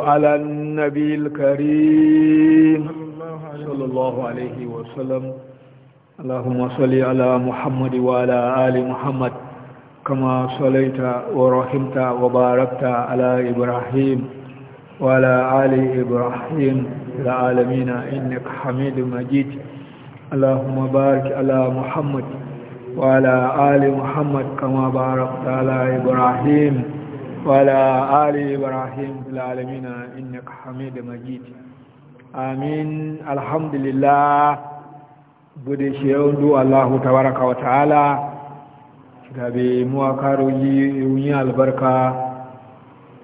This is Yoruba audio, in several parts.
على النبي الكريم صلى الله عليه وسلم اللهم صل على محمد وعلى آل محمد كما صليت ورحمت وباركت على إبراهيم وعلى آل إبراهيم العالمين إنك حميد مجيد اللهم بارك على محمد وعلى آل محمد كما باركت على إبراهيم وعلى آل إبراهيم في العالمين إنك حميد مجيد آمين الحمد لله bude shi yau Allahu tabaraka wa ta'ala gabe mu akaro yi yin albarka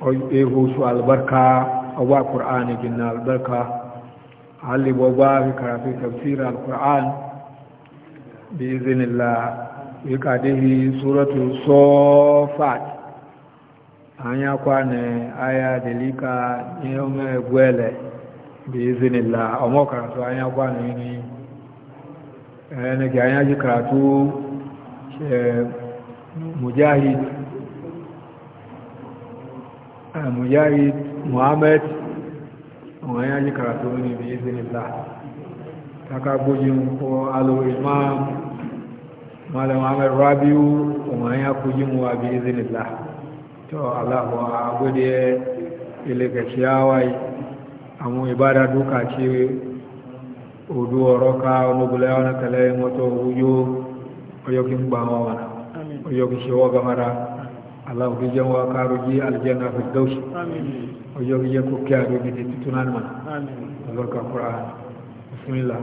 o e su albarka o wa qur'ani jinna albarka hali bo ba karatu tafsir alquran bi iznillah yi kadehi suratu safat anya kwa na aya delika ihe omegwele bụ izinila ọmọ karatu anya kwa na ini ẹnìkì anya ji karatu ṣe mujahid eh, mujahid muhammad ọmọ anya ji karatu ní bí izinila takagbojin ko alo imam malam ahmed rabiu ọmọ anya kojin bụ bí izinila to Allah a gode ilẹ̀ ciyawa àwọn ìbára dúkà ṣe odò ọ̀rọ̀ ká ọlọ́gbọ̀lẹ́ ọ̀nà kẹlẹ́ mọ́tọ̀ oyó ọyọ́kí ń gbà wọn wọn ọyọ́kí ṣe wọ́n gamara aláwọ̀kí jẹ́ bismillah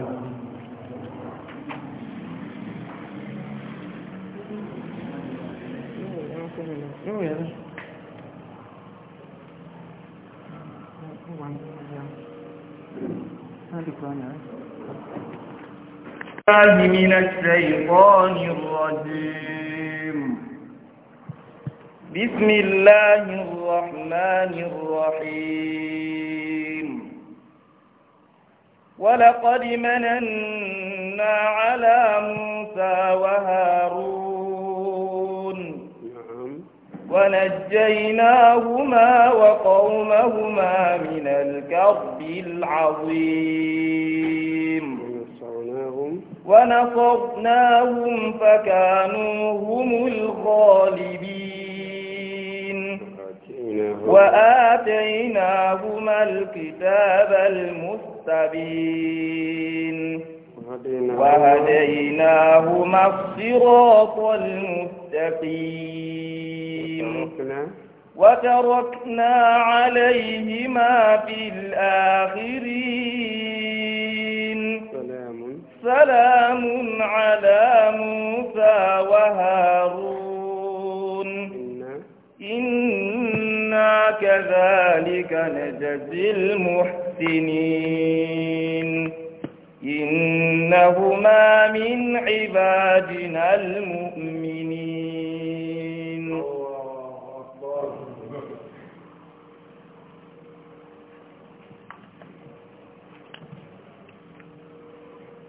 Yeah. الله من الشيطان الرجيم بسم الله الرحمن الرحيم ولقد مننا على موسى وهارون ونجيناهما وقومهما من الكرب العظيم ونصرناهم فكانوا هم الغالبين وآتيناهما الكتاب المستبين وهديناهما الصراط المستقيم وتركنا وتركنا عليهما في الآخرين سلام سلام على موسى وهارون إنا, إنا كذلك نجزي المحسنين إنهما من عبادنا المؤمنين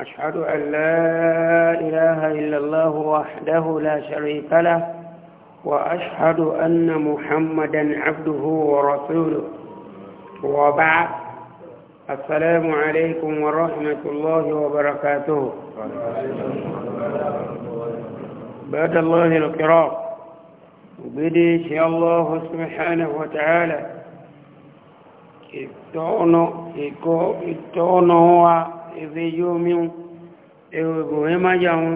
أشهد أن لا إله إلا الله وحده لا شريك له وأشهد أن محمدا عبده ورسوله وبعد السلام عليكم ورحمة الله وبركاته بعد الله الكرام بديش الله سبحانه وتعالى إتونوا إتونوا ebe yóò míhun ewego ema yahun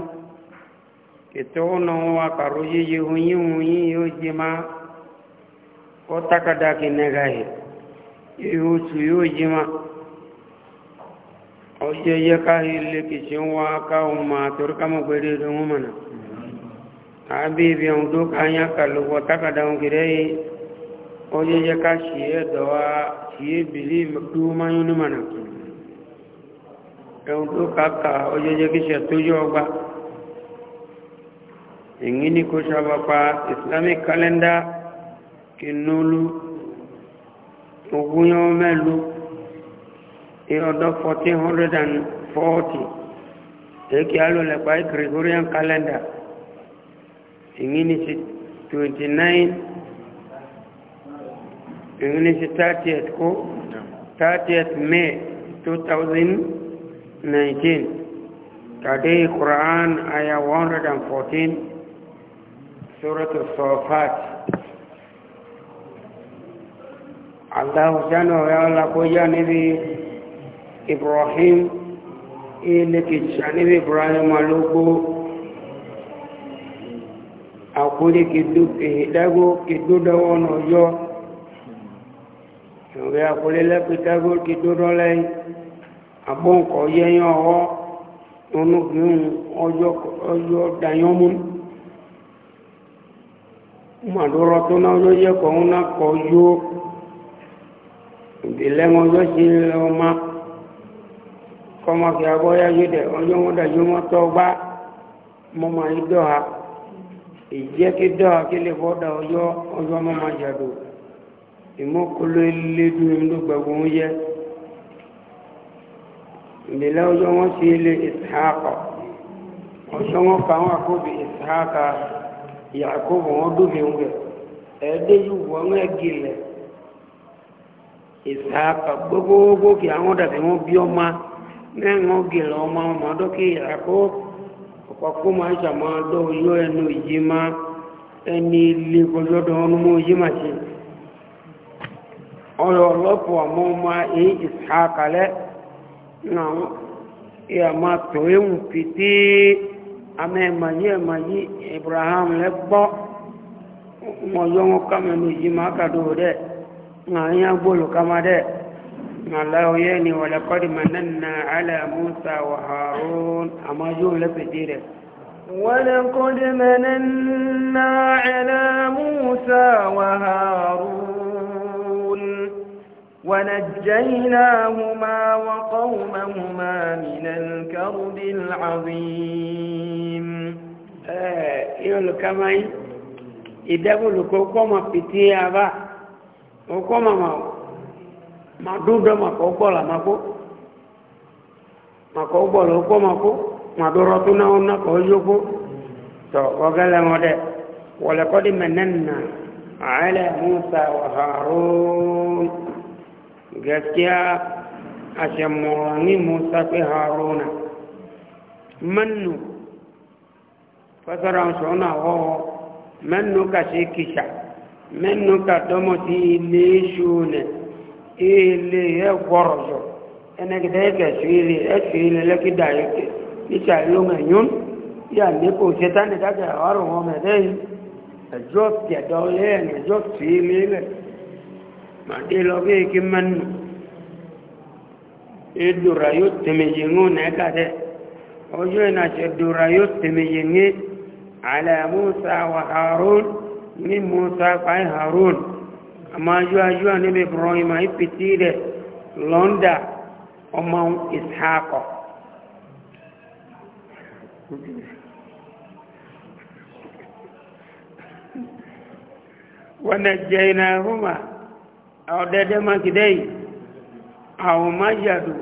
ètò ọ̀nà wọn àkàrò yíyí oyin oyin yóò jẹ máa kọ́ tákàdákì nẹ́gà yìí ihò tù yóò jẹ máa ọjọ́ yẹ káyé lè kìí ń wá káwọn máa torí kámọ̀ pẹ̀lú ẹ̀rọ wọn mọ̀nà àbí ibi àwọn tó káyá kàlùwọ̀ tákàdáhùn kìrẹ́ yìí ọjọ́ yẹ ká ṣì ẹ̀dọ̀ wa ṣì é bìlí dúró máyún ní mọ̀nà kìí ẹ̀hùn tó kàkà ọjọ́jẹ́ kíṣẹ́ tó yọ ọgbà èyí ni kò ṣàbàpá islamic calendar kìnnúlú ogúnyọ́ mẹ́lú ìrọ̀dọ́ 1440 èkì alólẹ̀pá gregorian calendar èyí ni sí 29 èyí ni sí 30th kó 30th may 2000 19 today Quran ayah 114 Surah Al-Safat Allah jana wa ala koja nibi Ibrahim ile kicha nibi Ibrahim alugo akuri kidupe dago kiduda wono yo Nwe akulele kitago abọ́nkọ̀ yẹ́yìn ọwọ́ onúgbìn ọjọ́ dayọ́mú màdúrọ̀ tó náà na yẹ kọ̀ ọ́nà kọ̀ yó ìbílẹ̀ ọjọ́ ṣe ọmọ kọ́mọkì agbọ́yá yóò dẹ̀ ọjọ́ wọn dàjú mọ́tọ́ gbá mọ́mọ́ ìdọ́ha ìjẹ́ kí dọ́ha kí lè bọ́dà ọjọ́ ọjọ́ mọ́mọ́ jàdó ìmọ̀kúlẹ̀ lédùn yẹ. ìdílé ọjọ́ wọn sí ilé ìsáàkọ̀ ọjọ́ wọn fa àwọn àkóbì ìsáàkà ìyàkóbò wọn dóbi ń wẹ̀ ẹ̀ẹ́dẹ́ yìí wọ́n ń gilẹ̀ ìsáàkà àwọn dàbí wọn bí ọma náà wọn ọma ọmọ ẹni ilé ṣe na ya ma to ewu pete ama ẹ̀mà yí ẹ̀mà yí ibrahim lẹ gbọ́ wọn yọ wọn kàmẹ́ ní yìí má kàdó dẹ nà ń yá gbóòlù dẹ nà láwọ yẹ ni wọlé kọ́dí mà nà nà alẹ́ musa wà harun àmọ́ yóò lẹ pete rẹ. ولقد مننا على موسى وهارون ونجيناهما وقومهما من الكرب العظيم يقول كما يدبل كوكوما بتيا با كوكوما ما ما دودا ما كوكولا ما كو ما كوكولا كوكوما كو ما دورتنا ونا كوجوكو تو وقال مودي ولقد مننا على موسى وهارون gaskiya a shammurani musa fi haruna mannu fasaran suna hoho mannu ka shi kisha mannu ka domo ti ile shune ile ya gwarzo ene gida ya gashi ile ya shi ile e lakida yake nisha ilo mai yun ya nipo shetani daga haru home dai ẹjọ́ tẹ̀dọ̀ lẹ́yìn ẹjọ́ tì í lélẹ̀ màdé lọ bí kí mẹ́nu ìdúrà yóò tẹ̀mẹ̀yẹ̀ ń nẹ́ka dẹ́ ọjọ́ ìnáṣẹ́ ìdúrà yóò tẹ̀mẹ̀yẹ̀ ń على موسى وهارون من موسى قاي هارون أما جوا جوا نبي إبراهيم أي بتيرة لوندا أما إسحاق ونجيناهما أودد ما كدي أو ما يدو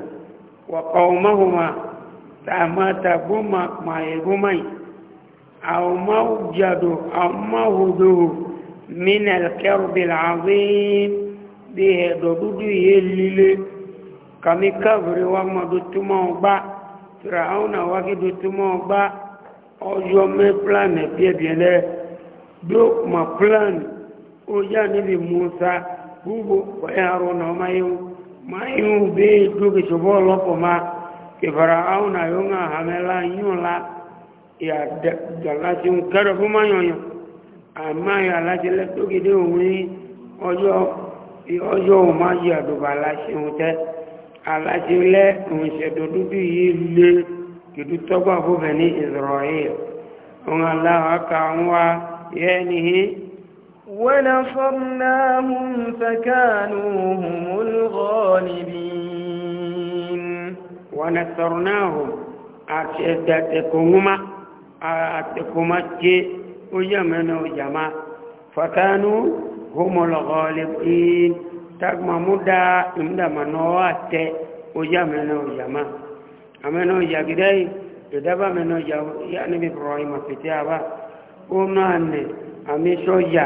وقومهما تما تبوما ما يبومي أو ما وجدوا أو ما هدوه من الكرب العظيم به دودو يلي kàmi káàbùrì wa mọ̀ dùtúmọ̀ ọgbà fìràhánà wa kí dùtúmọ̀ ọgbà ọjọ́ mẹ́ pílánì ẹ̀bí ẹ̀bí ẹ̀lẹ́ dókùmọ̀ pílánì ó yá níbi musa gbogbo kwa na ọmọ ihu ma ihu bí dókè ṣùgbọ́ ma kẹfàrà áhùn na yóò ń àhàmẹ́lá yíọ̀lá ìyàdàláti ń kẹ́rọ fún máyọ̀yàn àmá ìyàláti lẹ́tọ́gídé òun ní ọjọ́ òmá yìí àdùbà aláṣẹ òun tẹ́ aláṣẹ lẹ́ ونصرناهم فكانوا هم الغالبين ونصرناهم أتكوما أتكوما ويمنوا جماعة فكانوا هم الغالبين تقم مدى إمدى منوات ويمنوا جماعة أمنوا جاكدين ìdábà mẹ́nà yà níbi ibrahim àfẹ́tẹ́ àbá ó náà nẹ̀ àmì sọ́yà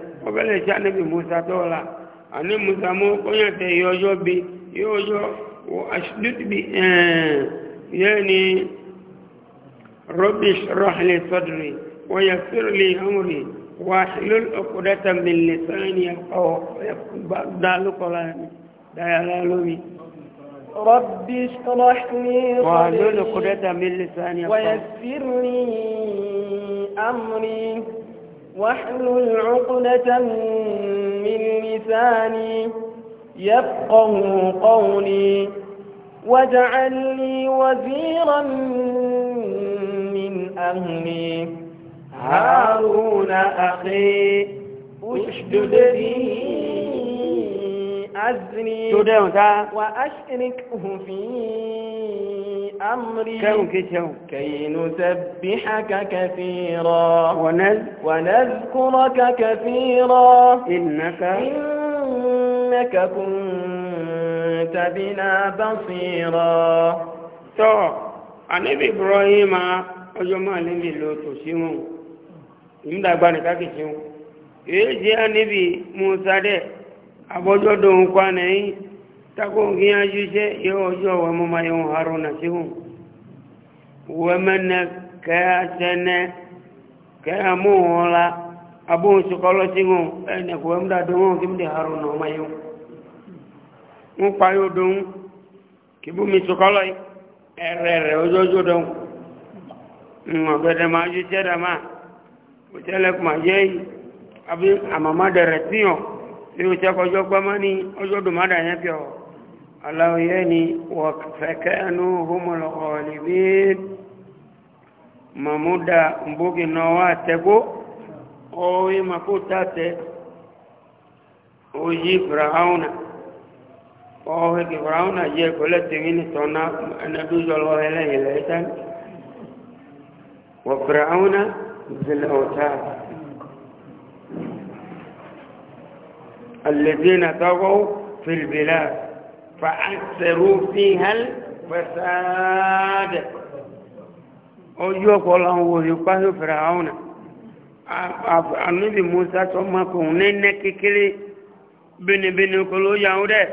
ọbẹ̀lẹ̀ tí a níbi musa tọ́la àní musa mú kọ́nyàtẹ̀ yọjọ́ bí yọjọ́ aṣílùtìbí yẹ́ni rọ́bìṣ rọ́hìlẹ̀ sọ́dìrì wọ́n yẹ fírìlì hamri wà lórí ọkùnrẹ́ta mìlì sọ́yìnì dálùkọ́lá dáyàlá lómi رب اشرح لي صدري ويسر لي أمري واحلل عقدة من لساني يفقه قولي واجعل لي وزيرا من أهلي هارون أخي اشدد به أزري وأشركه في أمري كي نسبحك كثيرا ونذكرك كثيرا إنك إنك كنت بنا بصيرا تو النبي إبراهيم ọjọ́ máa lè lè lọ tò sí wọn ìmúdàgbà nìkákìsí wọn èyí jẹ́ níbi musa dẹ́ abọ́jọ́ dòun kwa nẹ́yìn tako kí á ṣiṣẹ́ yóò ọjọ́ wà mọ́ máa yóò harun náà sí hùn wẹ́mẹ́nẹ kẹ́yà sẹ́nẹ́ kẹ́yà mú wọn la abóhùn sọkọlọ sí hùn ẹnẹ kò wẹ́mdà dòun kí mdé harun náà máa yóò ń pa yóò dòun kí bú mi sọkọlọ ẹ̀rẹ̀ rẹ̀ ọjọ́jọ́ dòun ọ̀gẹ̀dẹ̀ máa ṣiṣẹ́ dàmà òtẹ́lẹ̀kùn máa yẹ́ àbí àmàmá dẹ̀rẹ̀ irú tí ọkọ̀jọ́ gbọ́mọ́ ní ọjọ́ dùmádà yẹn pẹ̀ ọ́ aláwòyé ni wọ̀fẹ̀kẹ́nu homolọ̀ ọ̀lẹ́bí mamuda mbogi náà tẹ́gbó ọ̀wé makóta tẹ́ òyì fìràhánà ọ̀wé kì yẹ kọ́lẹ́ tèmi ní tọ́ná ẹnẹ́dújọ́ lọ ẹlẹ́yìn lẹ́yìn tán wọ̀ fìràhánà zẹlẹ̀ ọ̀tá. الذين طغوا في البلاد فأكثروا فيها الفساد ojú ọ̀pọ̀lọ́ wòrì pàṣẹ fìràún àníbì musa tó mọ́kùnrin nẹ́nẹ́ kékeré bínibíni kò ló yàwó rẹ̀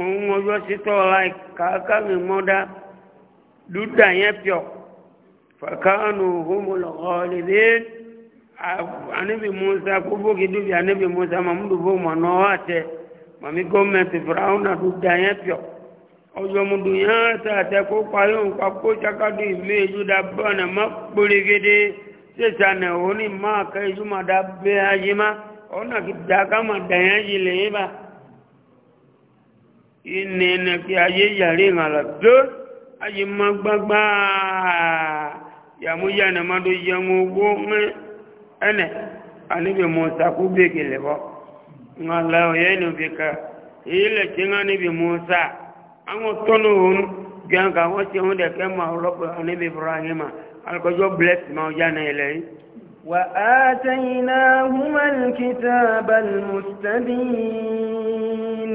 òun ọjọ́ sítọ́ láì kàákàmì mọ́dá dúdà yẹn pọ̀ fàkánù homolọ́ọ̀lẹ́bẹ́ẹ́ anabi musa kuboki dubi anabi musa mamudu bo mano ate mami gomenti firauna du danye pio ojo mudu yata te ko kwayo kwa ko chaka du meju da bana makbuli gede se chane oni ma kai juma da be ajima ona ki daga ma danye jile ba inene ki aye yare ngala do aye magbagba yamu yana madu yamu bo me ene anibi musa kubiki lebo nga lao yenu bika ile chinga nibi musa ango tonu hunu gyanka wasi hunde kema ulopo anibi ibrahima alikojo bless maujana ile وآتيناهما الكتاب المستبين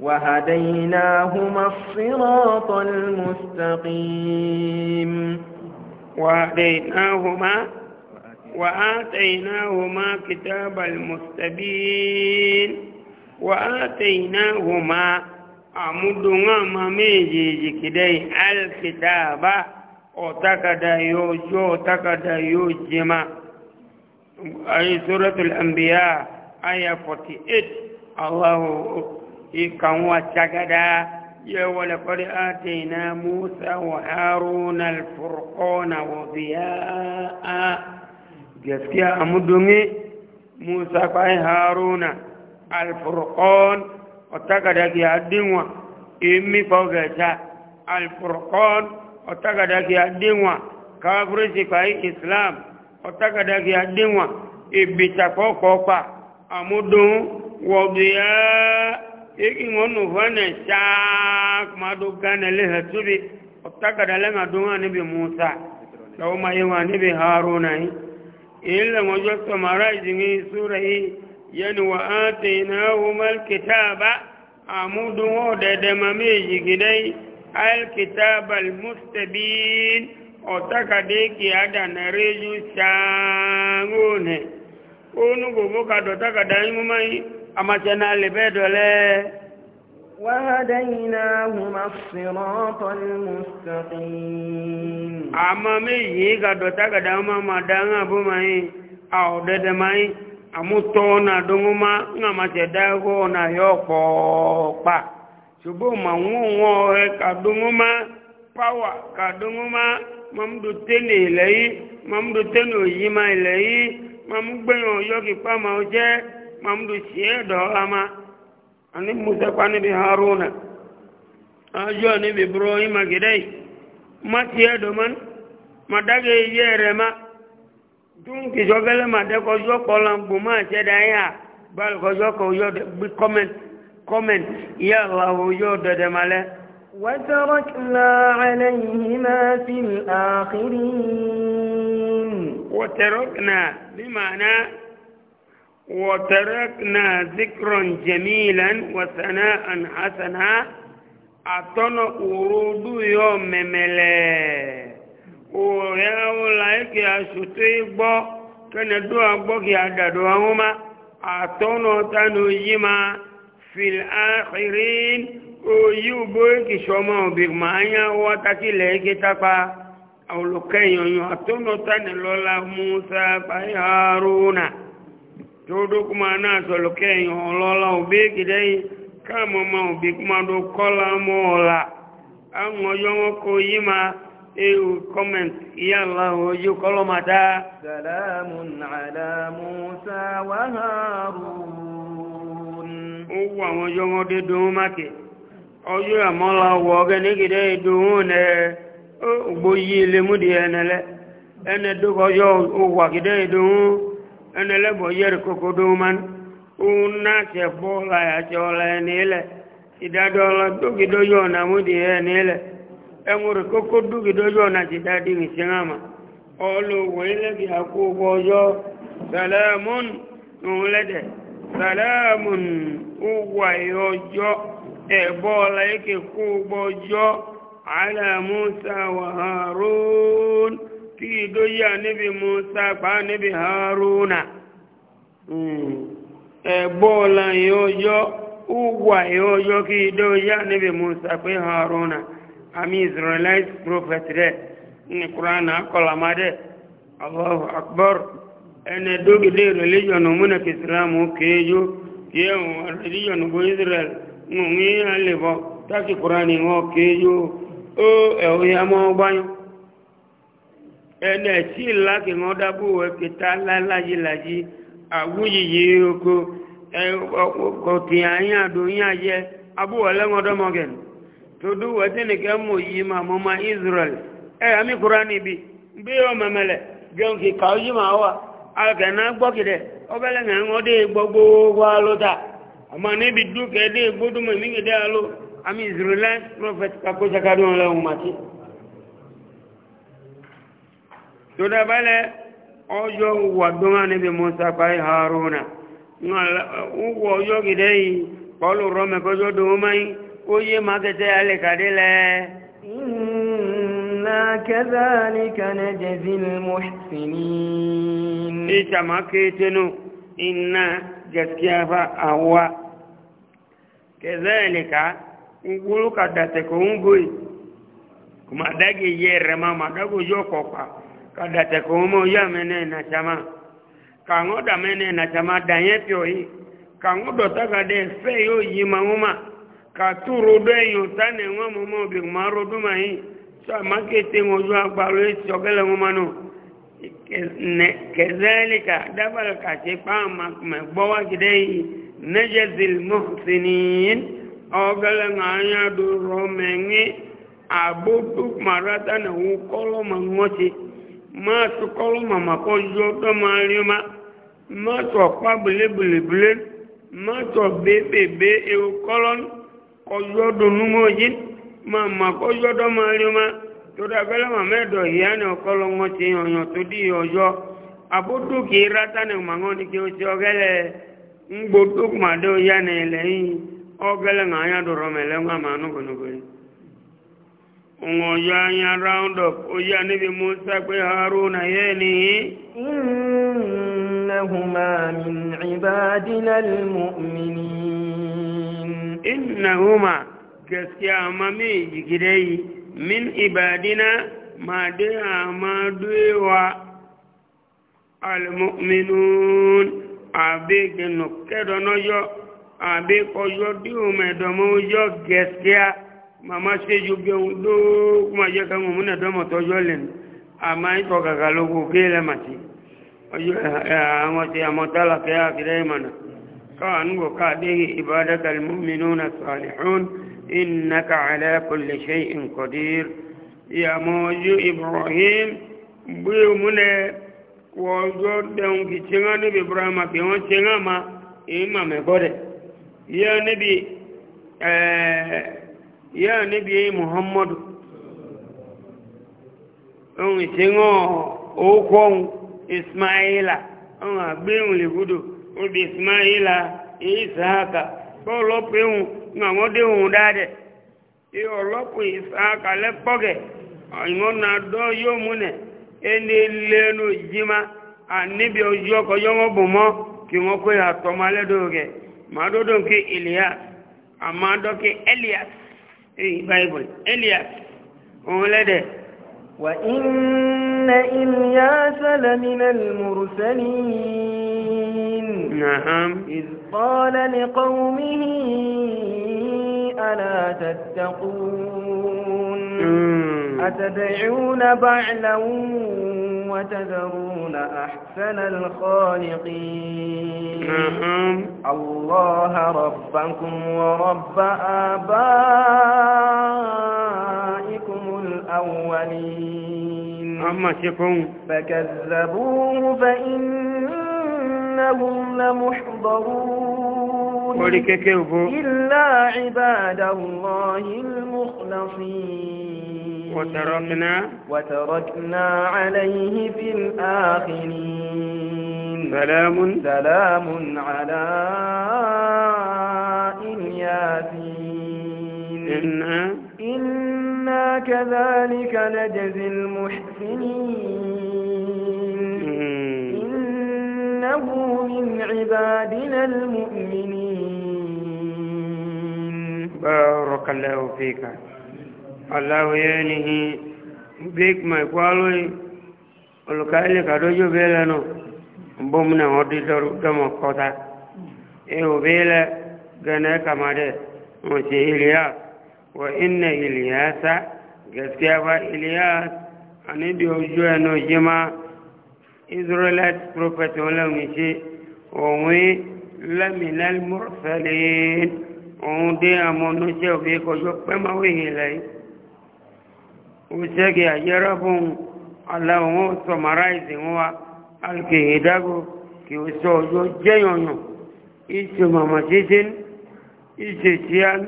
وهديناهما الصراط المستقيم وهديناهما وآتيناهما كتاب المستبين وآتيناهما أمدنا مميجي كدي الكتاب أتكد يوجو أتكد يوجما أي سورة الأنبياء آية 48 الله كان واتكدا ولقد آتينا موسى وهارون الفرقان وضياء gaskiya a mudungi musa kwaye haruna alfurkon otaka da ke haddinwa imi faugata alfurkon otaka da ke haddinwa kafirisi kwaye islam otaka da ke haddinwa ibita kokopa a mudun wọ̀bíyá ikí wọn nù fọ́nà ṣáàk máa dùn gánà lẹ́hẹ̀ tóbi ọ̀tàkàdà lẹ́nà dùn wà níbi musa lọ́wọ́ máa yẹ wà níbi haruna yìí إلا وجدت مراجعه سورة ينوى آتيناهما الكتاب عموده ددمميج كدي الكتاب المستبين أتكديك أدى نريج شانون ونقوم بك أتكدين ممي أما تنالي بدو ليه وهديناهما الصراط المستقيم أما ميجي قد تقد أما ma بمي أو ددمي amutona dunguma ngama tedago na yoko pa subu mangungo he kadunguma pawa kadunguma mamdu tene ilei mamdu teno yima ilei mamgbenyo ani musa kpa níbi haruna ajo níbi ibrahima gidai ma tiɛ doman ma dage yɛrɛ ma dun kisɔ gɛlɛ ma dɛ kɔjɔ kɔlan boma cɛ da ya bali kɔjɔ kɔjɔ bi kɔmɛnt kɔmɛnt yala o yɔ dɛdɛma lɛ. وتركنا عليهما في الآخرين وتركنا بمعنى وتركنا ذكرا جميلا وثناء حسنا أعطنا ورود يوم مملا ويا أولئك يا شتيبا كان دعا بك يا دعوهما أعطنا تنجيما في الآخرين ويبوك شما بغمانيا واتكي لك تقا أولئك يا أعطنا تنلولا موسى فهارونا todo kuma na solo ke lola obe gidei kama ma obe kuma do kola mola an oyo ko ma e comment ya allah oyo kolo mata salamun ala musa wa harun o wa oyo ngo de do make oyo amola wo ge ni gidei ne o yi le mu di ene do ko yo o wa ẹni lẹ́bọ̀ yẹ́rì kókó dóman òun náà ṣe bọ́ láyà ṣe ọ̀la ẹni ilẹ̀ ìdádọ́ ọ̀la dókìdójú ọ̀nà múdi ẹni ilẹ̀ ẹ̀mùrì kókó dókìdójú ọ̀nà ti dádì mí sí hàmà ọlọ́wọ́ ilẹ̀ kì á kó gbọ́jọ́ sàlẹ́mùn òun lẹ́dẹ̀ sàlẹ́mùn òwà ìyọjọ́ ẹ̀bọ́ ọ̀la yẹ kó gbọ́jọ́ àlàmúsà wàhálùn tigi doyi anabi musa kpa anabi haruna ẹgbọ́ọ̀la yìí ọjọ́ ugwa yìí ọjọ́ kí doyi anabi musa kpe haruna àmì israelite prophet rẹ̀ ní kuran akọlamadẹ allahu akbar ẹnẹ dógidé religion múna kí islam kéèjú kí ẹ̀wọ̀n religion bó israel ń wí alẹ́ bọ́ táàkì kuran ni wọ́n kéèjú ó ẹ̀wọ̀n e yà máa báyọ̀. ẹni ẹ̀tí ìlàkì wọn dábò ẹ̀kẹta láláyíláyí àwúyìyí oko ọ̀tí àyín àdóyìn ayẹ abúwọ̀ lẹ́wọ̀n dọ́mọ̀gẹ̀n tó dúwọ̀ tí nìkẹ́ mọ̀ yìí ma mọ́ ma israel ẹ̀ àmì kúrá níbi bí ọ mẹ́mẹ́lẹ̀ jẹun kì kàó yìí máa wà ọdẹ gbogbo níbi dé to da bale ojo wa duma ne be musa pai haruna ngala ugo ojo gidei polo rome ko jo dumai oye magete ale kadele inna kadhalika najzi almuhsinin ita maketenu inna gaskiya fa awa kadhalika ngulu kadate ko ngoi kuma dage yere mama dago jo kokwa kada te komo ya mene na chama kango da mene na chama da ye pyo yi kango do ta ga de fe yo yi ma mo ma ka tu ro de yo ta e ne ngo mo mo bi ma ro du ma yi sa ma ke te ngo ju agba lo yo ke le mo ma no ne ke ze li ka da ba ka che pa ma me bo wa ki de yi ne je zil muhsinin o ga le nga ya du ro me ngi abutu marata na wukolo mangoche máa tó mama màmá makọ yọ tó máa ma máa tó ọ̀pá bèlébèlébèlé máa tó bèbèbè ewu kọ́lọ́ kọ́ yọ dùnú mọ́ yí màmá kọ́ yọ tó máa rí ma tó dàbẹ́lẹ́ màmá ẹ̀dọ̀ ìyá ti yànyàn tó dí ke ni o ya Ọmọjọ́ ayá Roundup, ó yá níbi mú sápé Haruna yé ní yí. Innahuma min ibadina al-mu'minin. Innahuma gaskiya mami yi gidai, min ibadina ma dé àmà dúwà al-mu'minin, àbí mama seju gbẹun dó kuma jẹ ká mọmú nà dọmọ tọjọ lẹnu àmà ìtọ kàkà lóko kéèlè màtí ọjọ àwọn ti àmọtálà kẹ àkìrẹ ìmọnà káwọn ànúgbò káàdé ìbádàkà mímú nà sàlìhún ìnàkà àlẹ ya níbi muhammadu ohun ìṣẹ́wọ̀n òkòhun ismaila ohun àgbéhùn lèbúdò obì ismaila ìsáàkà bọ́ọ̀lọ́pẹ̀hùn nàmọ́déhùn dáadẹ̀ tí ọlọ́pẹ̀ ìsáàkà lẹ́pọ̀gẹ̀ ìmọ̀nà dọ́ yóò múnẹ̀ ẹni lẹ́nu jímá àníbi ọjọ́ ọkọ̀jọ́ wọn bù mọ́ kí wọ́n pé àtọ́mọ́lẹ́dọ̀ rẹ̀ màdọ́dọ̀ kí elias àmàdọ́ elias إيه بايبل إلياس ولده وإن إلياس لمن المرسلين نعم إذ قال لقومه ألا تتقون أتدعون بعلا وتذرون أحسن الخالقين الله ربكم ورب آبائكم الأولين فكذبوه فإنهم لمحضرون إلا عباد الله المخلصين وتركنا وتركنا عليه في الآخرين سلام سلام على الياسين إنا إنا كذلك نجزي المحسنين إنه من عبادنا المؤمنين بارك الله فيك aláwọ̀ yẹ́ ni bík mai kwalo olùkà ilẹ̀ kàdójú bẹ́ẹ̀ lẹ́nu bómìnà wọn dí dọ́mọ̀ kọta ihò bẹ́ẹ̀ lẹ́ gẹ́nẹ́ kàmádẹ́ wọn ṣe ilẹ̀ wọ iná ilẹ̀ sá gaskiya ba ilẹ̀ àníbi ojú ẹnu jimá israelite prophet wọn lẹ́nu ṣe òun lẹ́mìnà mọ́fẹ́lẹ́ òun dé àmọ́ oníṣẹ́ òbí kọjọ́ pẹ́máwé yìí lẹ́yìn uchege ajerabun alawon summarize wa alke idago ki uso yo jeyonyo ise mama jejin ise tian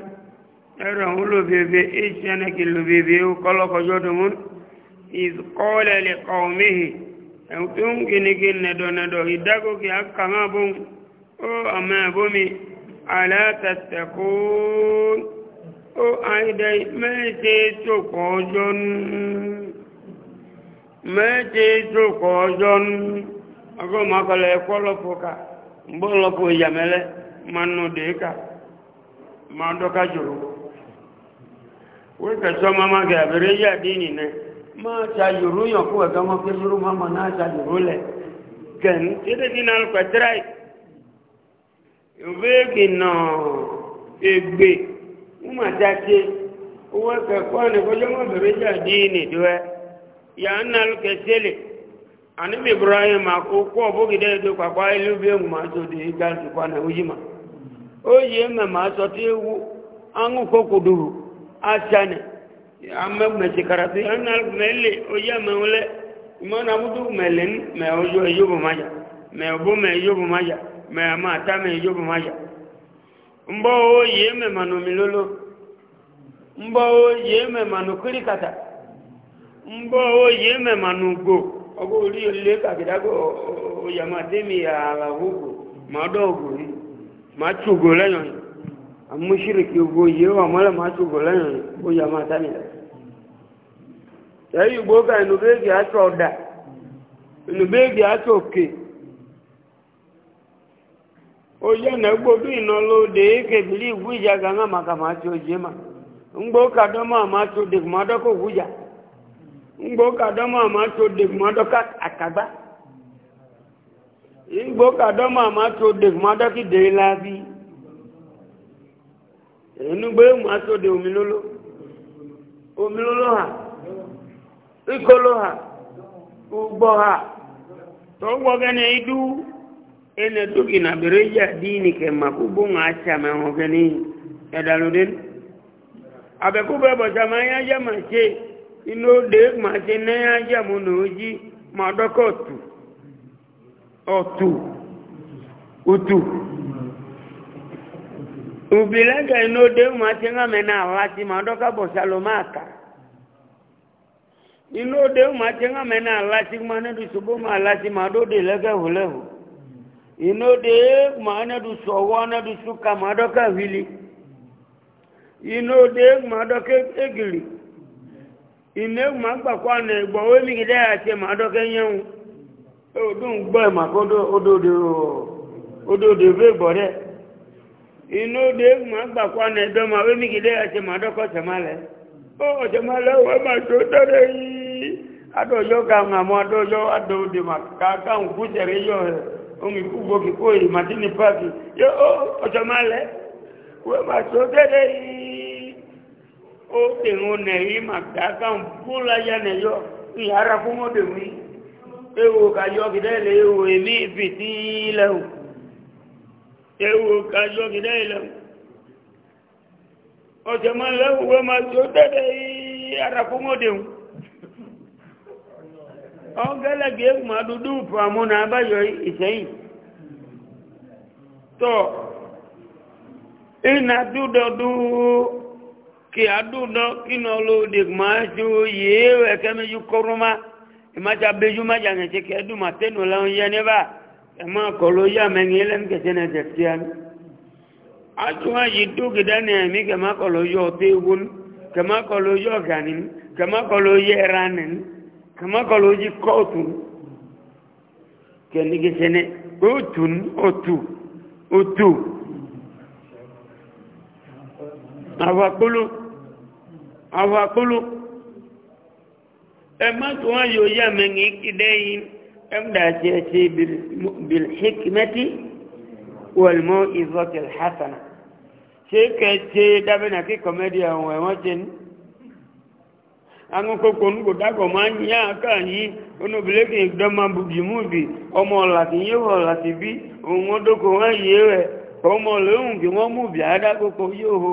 ẹ̀rọ ulo bebe ise na kilo bebe ukoloko jodumun iz qala li qaumihi ẹ̀hùn kí ni kí nẹ̀dọ̀nẹ̀dọ̀ ìdágó kí a kà máa ó àmà àbómi alátàtàkùn ó ayé dẹ mẹ́ẹ̀tẹ́ tó kọ́ ọjọ́ ní mẹ́ẹ̀tẹ́ tó kọ́ ọjọ́ ní ọgọ́ makọlẹ̀ ẹ̀kọ́ lọ́pọ̀ ká mbọ́ lọ́pọ̀ ìyàmẹ́lẹ́ ma nù dẹ́ẹ̀ka ma dọ́ka jùlọ wíkẹ̀ sọ ma ma gẹ̀ abẹ́rẹ́ yá dí ní nẹ ma ta yòrò yàn kó ẹ̀ka ma fi yòrò ma ma náà ta yòrò lẹ gẹ̀n títí dín náà lọ pẹ̀tẹ́rẹ́ yìí òbí gbìnà ẹgbẹ́. kuma dake uwa ka kwane ko jama berja dini duwe ya nal ke sele ani ibrahim ko ko bo gide do kwa kwa ilu be mu ma so de ga ti kwa na ujima o ye me ma so ti wu anu ko kuduru achane amma me sikaratu ya nal mele o ya me ole imana mudu melen me ojo yubu maja me obo me yubu maja me ama ta me yubu maja mbo o ye me manomilolo mbọ oye mẹ̀mànù kíríkàtà mbọ oye mẹ̀mànù gbò ọgbọ́ orí olè kàkìdágò oyàmàdémi ààlà gbogbo máa dọ̀ ògbò yìí máa tùgò lẹ́yìn yìí àmúṣìrìkì ògbò yìí wà mọ́lẹ̀ máa tùgò lẹ́yìn yìí oyàmàdémi ẹ̀yìn gbó ka ìnùbéègì àtọ̀ ọ̀dà ìnùbéègì àtọ̀ òkè oyè ẹ̀nà gbòdú ìwú ìjà mgbo ka doma ma to de ma do ko huja mgbo ka doma ma to de ma do ka akagba mgbo ka doma ma to de ma do ki de de omi lolo omi lolo ha ikolo ha ugbo ha to gbo gene idu ene duki na bereja dini ke makubunga acha mehogeni edaludeni abẹ́kúbẹ́ bọ̀tà máa ń yájá máa ṣe inú òde máa ṣe ní yájá mú nà ó jí máa dọ́kọ̀ ọ̀tù ọ̀tù òtù òbílẹ́gẹ̀ inú òde máa ṣe ń hàmẹ́ náà wá sí máa dọ́kọ̀ bọ̀tà ló máa kà inú òde máa ṣe ń náà láti máa nẹ́dù ṣubú máa láti máa dóde lẹ́gẹ̀ hùlẹ́hù inú òde máa nẹ́dù sọ̀wọ́ nẹ́dù ṣúkà máa dọ́kọ̀ wílì. inode madoke egili ine ma gbakwa na egbo we mi gide ya che madoke nyewu odun gbo e ma ko do odode odode ve gbore inode ma gbakwa na edo ma we mi gide ya che madoko chamale o chamale so yi ga ma mo ado yo ado de ma ka wọ́n máa tó dédé yìí ó tèwọ́ nẹ̀yí màgbà káwọn búlá yá nẹ̀yọ́ ìyára fún mọ́dé wí ewu kajọ́ kìdẹ́ ilẹ̀ ewo èmi ìfìtí lẹ́hùn ewo kajọ́ kìdẹ́ ilẹ̀ ọ̀tẹ̀ máa lẹ́hùn wọ́n máa tó dédé yìí ìyára fún mọ́dé wí ọ̀gẹ́lẹ́gẹ́ màdúdú fàmúnà abáyọ̀ tọ́ ina dudo du ki adudo kino lo dik ma ju yewe kame ju koruma ima cha beju ma jane che ke du ma tenu la un yene ba ima kolo ya mengilem ke tene tetian atuwa jitu kidane emi ke ma kolo yo tegun ke ma kolo yo ganin ke ma kolo ye ranin ke ma kolo ji kotun ke ni ke tene utun otu utu, utu. àwàkúlù àwàkúlù ẹ má tó wọn yóò yá mẹ́rin ìkìdẹ́ yìí ẹ̀mdà àti ẹ̀ṣẹ́ bilhikimẹ́tì wọ̀lmọ́ ìzọ́tẹ̀lẹ̀ hasana ṣe kẹ́ẹ̀ṣẹ́ dábẹ́nà kí kọmẹ́dì àwọn ẹ̀wọ́n ṣe ní àwọn kòkò ní kò dákọ̀ máa ń yá àká yìí onóbìlẹ́kì ìdọ́mà bùjìmúbì ọmọ ọ̀làtí yíò ọ̀làtí bí òun ọdọ́kọ̀ wọ́n rẹ̀ ọmọ lóhùn kí wọ́n mú bí àádákòkò yóò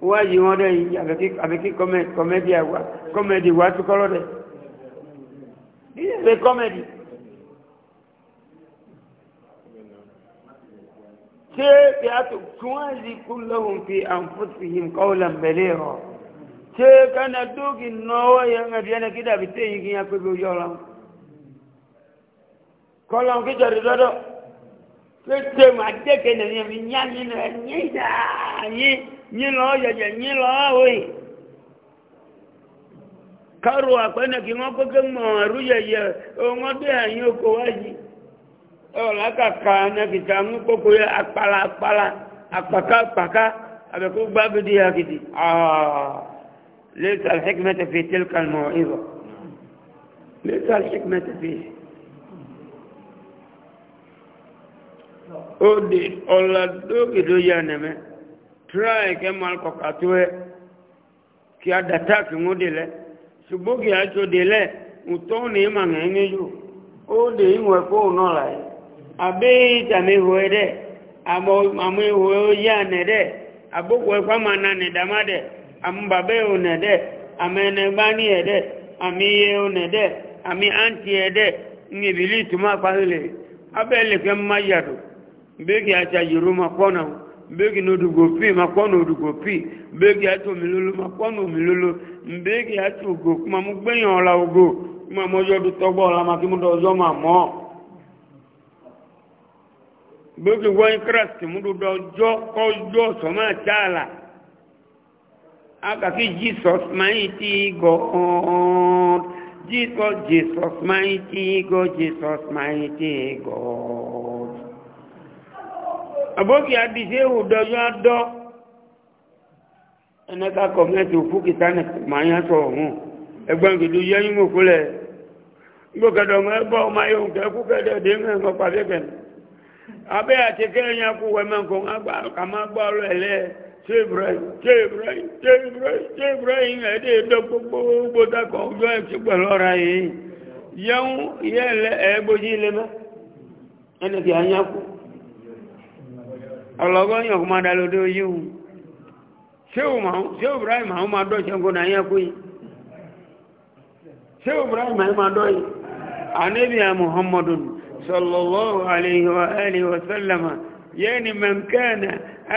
wá yí wọn dẹ́ yìí àbẹ̀kí kọ́mẹ́dì àwà kọ́mẹ́dì wà tó kọ́lọ́ dẹ̀ yìí ṣe kọ́mẹ́dì ṣé kí a tó kún wá sí kú lọ́hùn fi àǹfóṣì yìí kọ́ọ̀lá mbẹ̀lẹ́ ọ̀ ṣé kánà dókì náwó yẹn àti ẹni kí dàbí tẹ́ yìí mi nyá nínú ẹ̀ nyẹ́ ìdáyé nyilɔ yɛyɛ nyilɔ oyi karo akpɛnɛ kí wọn kókè mɔ ɛrú yɛyɛ wọn dé anyi oko wa yi ɔlá kàkà nàkìtà ŋu kpókò yɛ akpala akpala akpaka akpaka abɛkó gbábidi akidi aa lẹsẹ alihikimẹtẹ fi tẹlika mɔ ibà lẹsẹ alihikimẹtẹ fi. ode ọladogido ya neme try ke mal ko katwe ki adata ki modele subo ki ajo dele uto ne ma ngene ju o de inwe ko no lai abe ta me hoede amo amo ho ya ne de aboko kwa mana ne damade ambabe o ne de amene bani e de amiye o ne de ami anti e de ni bili tuma pa hele abele ke mayado be ki acha yuruma kona n'odugo nodugopi makwa nodugopi mbegi atu milulu makwa no milulu mbegi atu go kuma mugbeyan ola ogo ma mojo du togbo ma kimu do zo ma mo mbegi wan christ ma chala aka ki jesus jesus ma mighty god aboki adise wu dɔjɔ adɔ ɛnɛ ka kɔmɛnti òfu kita nɛ manya sɔ ɔhu ɛgbɛn kedu yɛnyi mo ko lɛ gbɔ kɛdɛ ɔmɛ ɛbɔ ɔmɛ ayé ònkɛ ɛkú kɛdɛ ɛdè mɛ ŋɔ pàfɛ kɛ abe ati nya wɛ mɛ kama ɔlɔ yɛ lɛ gbogbo kɔ yi yɛ lɛ lɛ mɛ ɛnɛ anya ọlọ́gọ́ yàn kó máa dalẹ̀ odó yíwu ṣé ibrahim àwọn máa dọ̀ ṣẹ́gun náà yẹ kú yìí ṣé ibrahim àwọn máa dọ̀ yìí anabiya muhammadu sallallahu alayhi wa alihi wa sallama yẹni mẹ́nkẹ́nà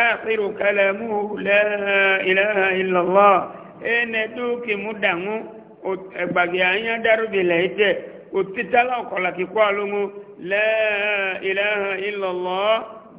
áàkìrù kalamu láìláha illallah ẹni dúkì mú dànù ẹgbàgbé àyàn dárúbìlẹ̀ ìtẹ̀ òtítàlá ọ̀kọ̀lá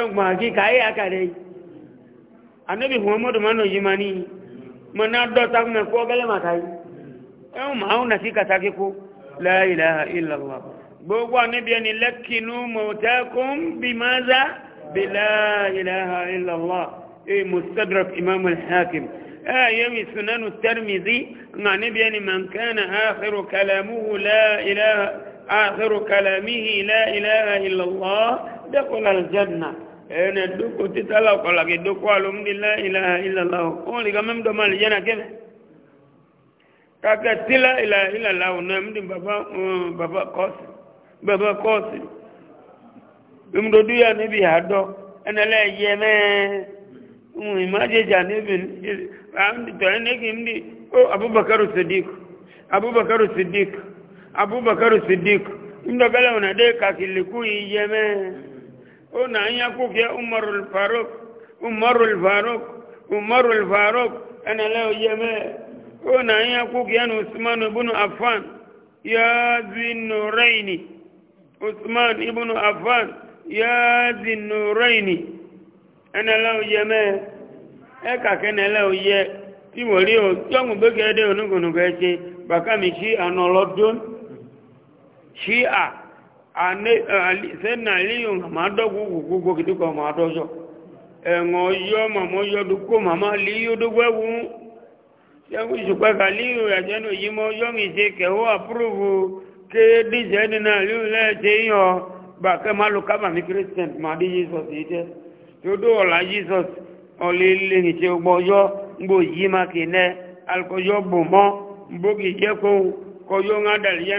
ẹgbùn àkíkà ayé àkàrẹ anábì muhammadu manu yimani mana dọ́ta mẹ́ kó gẹ́lẹ́ màkàí ẹ̀hùn máa ń nàfi kàtàkì kó láìlà ìlàlá gbogbo anábì ẹni lẹ́kìnú mọ̀tẹ́kùn bí máa zá bí láìlà ìlàlá èyí mustadrak imam al-hakim آيوي سنن الترمذي عن ابن من كان آخر كلامه لا إله آخر كلامه لا إله إلا الله دخل الجنة ene doko titala ko lagi doko alumni la ilaha illallah on liga mem do mal jana kene kaka tila ilaha illallah na mdi baba mm, baba kosi baba kosi mdo duya ne bi hado ene le yeme mu mm, imaje jane bin am to ene ki mdi o oh, abubakar siddiq abubakar siddiq ona anya kuke umarul faruk umarul faruk umarul faruk ana leo yeme ona anya kuke an usman ibn affan ya zinuraini usman ibn affan ya zinuraini ana leo yeme e ka kene leo ye ti mo ri o jongu bege de onugun ge ti baka mi shi anolodun shia sẹ́nà líyùn àmàdọ́gbò gbogbo kìtìkọ̀ àmàdọ́sọ ẹ̀wọ̀n yọ màmọ́ yọdú kó màmá líyódógbò ẹ̀wù yẹ́wù ìṣùpẹ́ka líyùn ẹ̀jẹ̀nù yìí mọ́ yọ́mì ṣe kẹ̀wọ́ àpúròvù kéèdì sẹ́nà líyùn lẹ́ẹ̀ṣẹ̀ yọ bàkẹ́ má lo kábà ní kírísítẹ̀ǹt má dé jesus yìí jẹ́ tó dó ọ̀la jesus ọ̀lẹ́lẹ́ ìṣe gbọ́yọ́ ngbò yìí má kì í nẹ́ alukọ́yọ́ bò mọ́ ngbò kì í jẹ́ kó kọ́yọ́ ńgá dàlíyá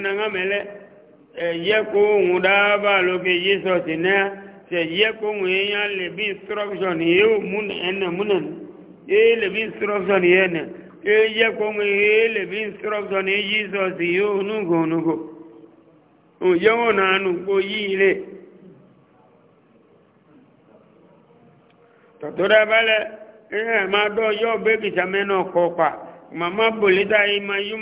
ẹ̀yẹ́ kó òun dáábà lókè jesus náà ṣẹ̀yẹ́ kó òun èèyàn lè bí instruction yìí ó múnà ẹ̀nà múnà èé lè bí instruction yìí ẹ̀nà ẹ̀yẹ́ kó òun èé lè bí instruction yìí jesus yìí ó núgò núgò òyẹ́wò náà nùgbò yìí ilé tọ̀tọ̀dá balẹ̀ ẹ̀yẹ́ máa dọ́ yọ́ bébì sàmẹ́nà kọ́pa màmá bòlítà yìí máa yú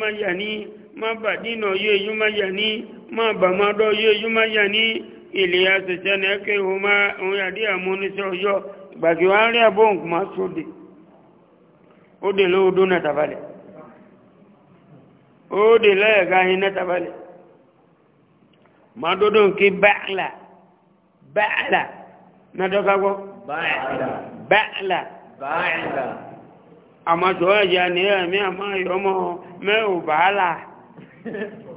máa ma ba ma do ye yuma yani iliya se chane ke huma ya dia muni so yo ba ki wa ri abon ma so de o de lo do na tabale o de le ga hin na tabale ma do don ki ba'la ba'la na do ka go ba'la ba'la ba'la ama so ya ni mi ama yo me o ba'la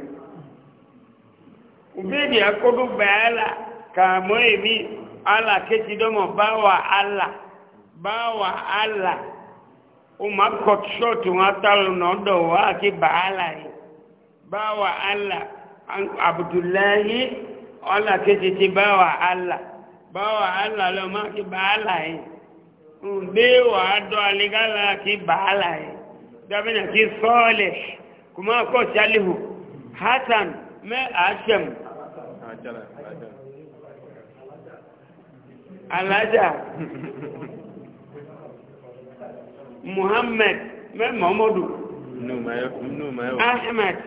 ubedi akodo baala kamo emi ala keti domo bawa ala bawa ala uma cut short nodo wa ki baala yi e. bawa ala abdullahi ala keti bawa ala bawa ala lo ma e. ki baala yi mbe do aligala ki dabina ki kuma ko hasan mɛ ajɛm alaja muhammed mɛ mɔmɔdu ahmed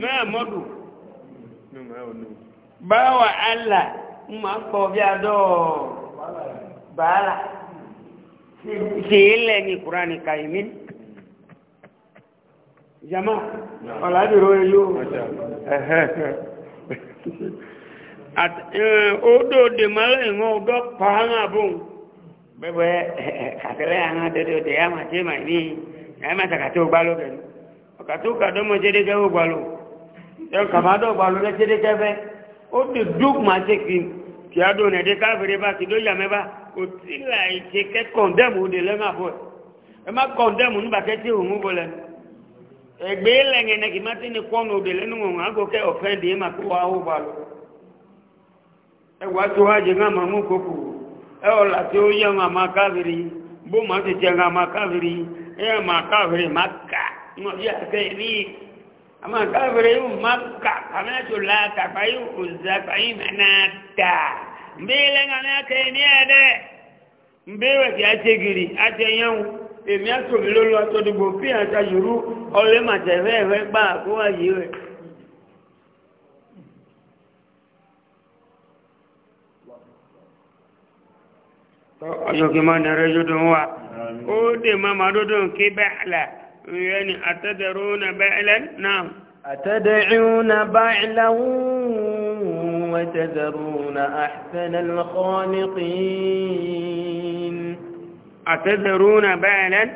mɛ mɔdu báwa ala ma kɔ bí a dɔ baala sèé lɛ ní kura ní kàyémí jama ọ̀làdìrò yóò eh, odò dèmọ́lẹ̀ ìwọ̀n ọdọ́ pàánà bóun bẹ́bẹ̀ kàtẹ́lẹ̀ àwọn adẹ́dẹ́ òdè yà máa tẹ́ màá ní yà máa tàkàtẹ́ ògbà lókè ní ọ̀kàtẹ́ òkàdọ́mọ̀ jẹ́dẹ́gẹ́ ògbà ló kàmádọ́ ògbà ló jẹ́dẹ́gẹ́ fẹ́ ó ti dúk máa tẹ́ kí kí á dùn ẹ̀dẹ́ káfẹ́rẹ́ bá ti ló yà mẹ́bà kò tí láì ṣe egbe lenge ne kimati ni kwa no dele nu ngo ago ke offend e ma kwa o ba lo e wa to haje nga ma mu koku e o la ti o ye nga ma kaviri bo ma ti je nga ma kaviri e ma kaviri makka no ya ke ni ama kaviri u makka kama to la ta fa yu uzza fa imanata mbele nga na ke ni ade mbewe ki achegiri acheyan èmi àtòmí ló lọ àtọ́dúgbò fi àta yòrú ọlẹ́ màtẹ̀fẹ́ ẹ̀fẹ́ gbà kó wà yìí rẹ̀ ọjọ́kí máa nà rẹ̀ yóò wá ó dè máa máa dúdú kí bẹ́ẹ̀lá ìyẹn ni àtẹ́dẹ̀rú أحسن الخالقين atadharuna balan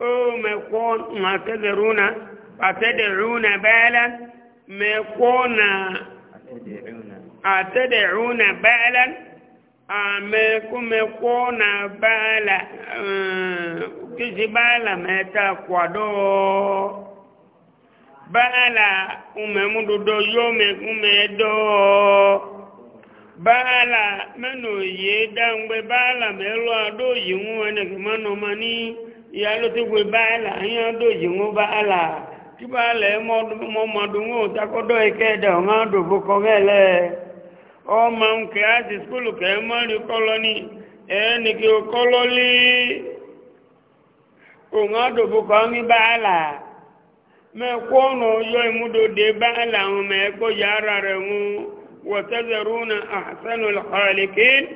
o me ko atadharuna atad'una balan me ko na atad'una balan ame ko me ko na bala kisi bala me ta kwado bala ume mudodo yo me kume do baala mena oyi da mgbe baala ma elu adoyi nwanmanụmani ya lụtagwe baala anya adoyi nwụ baala tibala mmadụ nwe ụtakodo ikeda ọma dobokogele ọma nke azi skulu ka emari koloni enike kololi onwe doboko anyị baala mekwa ọnụ yọ imudo de baala ahụ ma ekpo ya ara renwu وتذرون أحسن الخالقين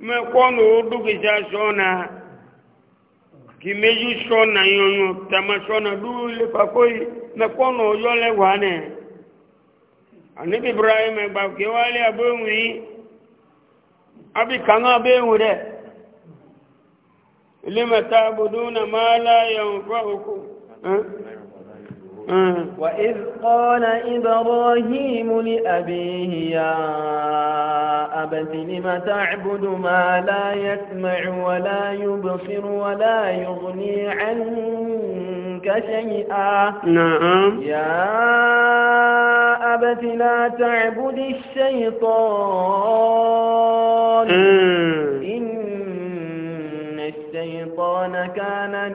ما كونوا دوكي شونا kimeju sona yonyo tama sona dule pakoi na kono yole wane anibi ibrahim ba ke wale abunwi abi kana be wure lima ta'buduna ma la آه. وإذ قال إبراهيم لأبيه يا أبت لم تعبد ما لا يسمع ولا يبصر ولا يغني عنك شيئا نعم يا أبت لا تعبد الشيطان آه. إن الشيطان كان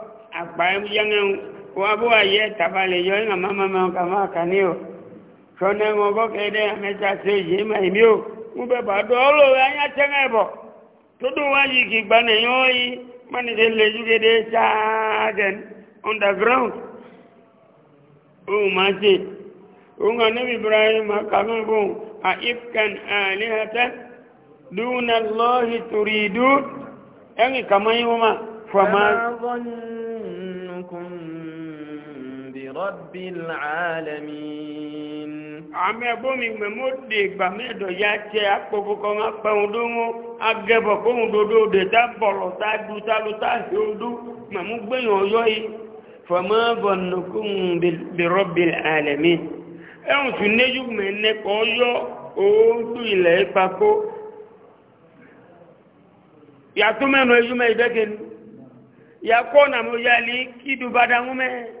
akpaem yangen wabu aye tabale yo nga mama ma kama kanio chone ngogo kede amecha seji ma imio mbe bado olo anya chengebo tudu waji kibane yoi mani dele juge de chagen underground o maji unga nabi ibrahim kama bon a ifkan alihatan duna allah turidun yani kama yuma fama rabbil alamin. àmì ẹ̀bùnmi mẹ́mọ́ de ìgbà mẹ́ẹ̀dọ̀ ya tẹ akpọ̀fọ̀ kan apẹ̀hùn tó ń agẹ̀bọ̀ kóhùn dodo de ta bọ̀lọ̀ ta du ta lu ta hiu du mẹ́mú gbẹ̀yìn ọ̀yọ́ yìí fama bọ̀nùkún bi kọ́ yọ òótù ilẹ̀ ìpapò kí dùbàdàn mú mẹ́ẹ̀.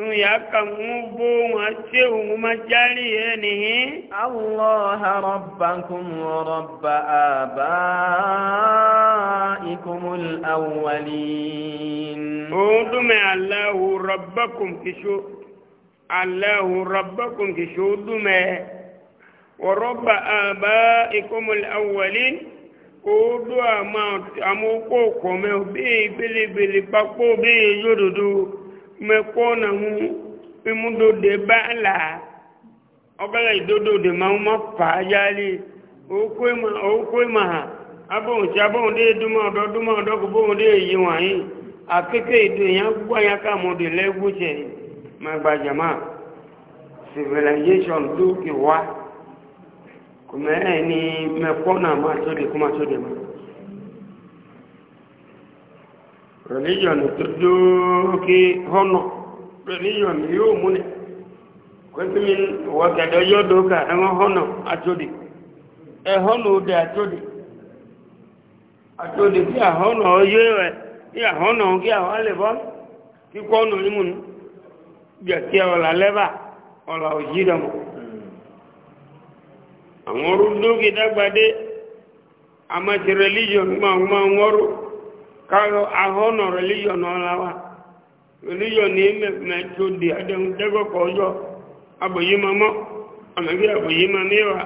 ياك مبو وشيو مجاليه الله ربكم ورب آبائكم الأولين أودم الله ربكم كشو الله ربكم كشو دم ورب آبائكم الأولين أودوا ما أموكوكم بي بلي بلي بقو بي يدودو mekwo na ŋu imudode ba la ɔbɛlɛ idodode ma ŋu ma fa yali okoe ma okoe ma ha abohun ti abohun de duma ɔdɔ duma ɔdɔ ko bohun de yi wɔnyi akeke ido yan gbɔ yan ka mo de lɛ gbɔtsɛ magbadzama civilization do ke wa kò mɛ ɛni mɛ ma tó de kó ma de ma. religion tó dókè họ́nà religion yóò múnẹ̀ kwẹ́sìmí wọ́gẹ̀dẹ̀ yóò dókà ẹ̀wọ̀n họ́nà àjòdì ẹ̀họ́nà òdè àjòdì àjòdì kí àhọ́nà ọyọ́ rẹ̀ kí àhọ́nà kí àwọn àlèbọ́ kíkọ́ ọ̀nà ìmúnú jẹ̀kí ọ̀là lẹ́bà ọ̀là òjìdọ̀mọ̀ àwọn orúdókè dágbàdé àmàtí religion máa ń máa ń wọ́rú kalo ahọ́nà religion ọ̀la wa religion ní mẹ́tò di adéhùn dẹ́gbọ́kọ̀ ọjọ́ abòyí mamọ́ àmàbí àbòyí mamíwa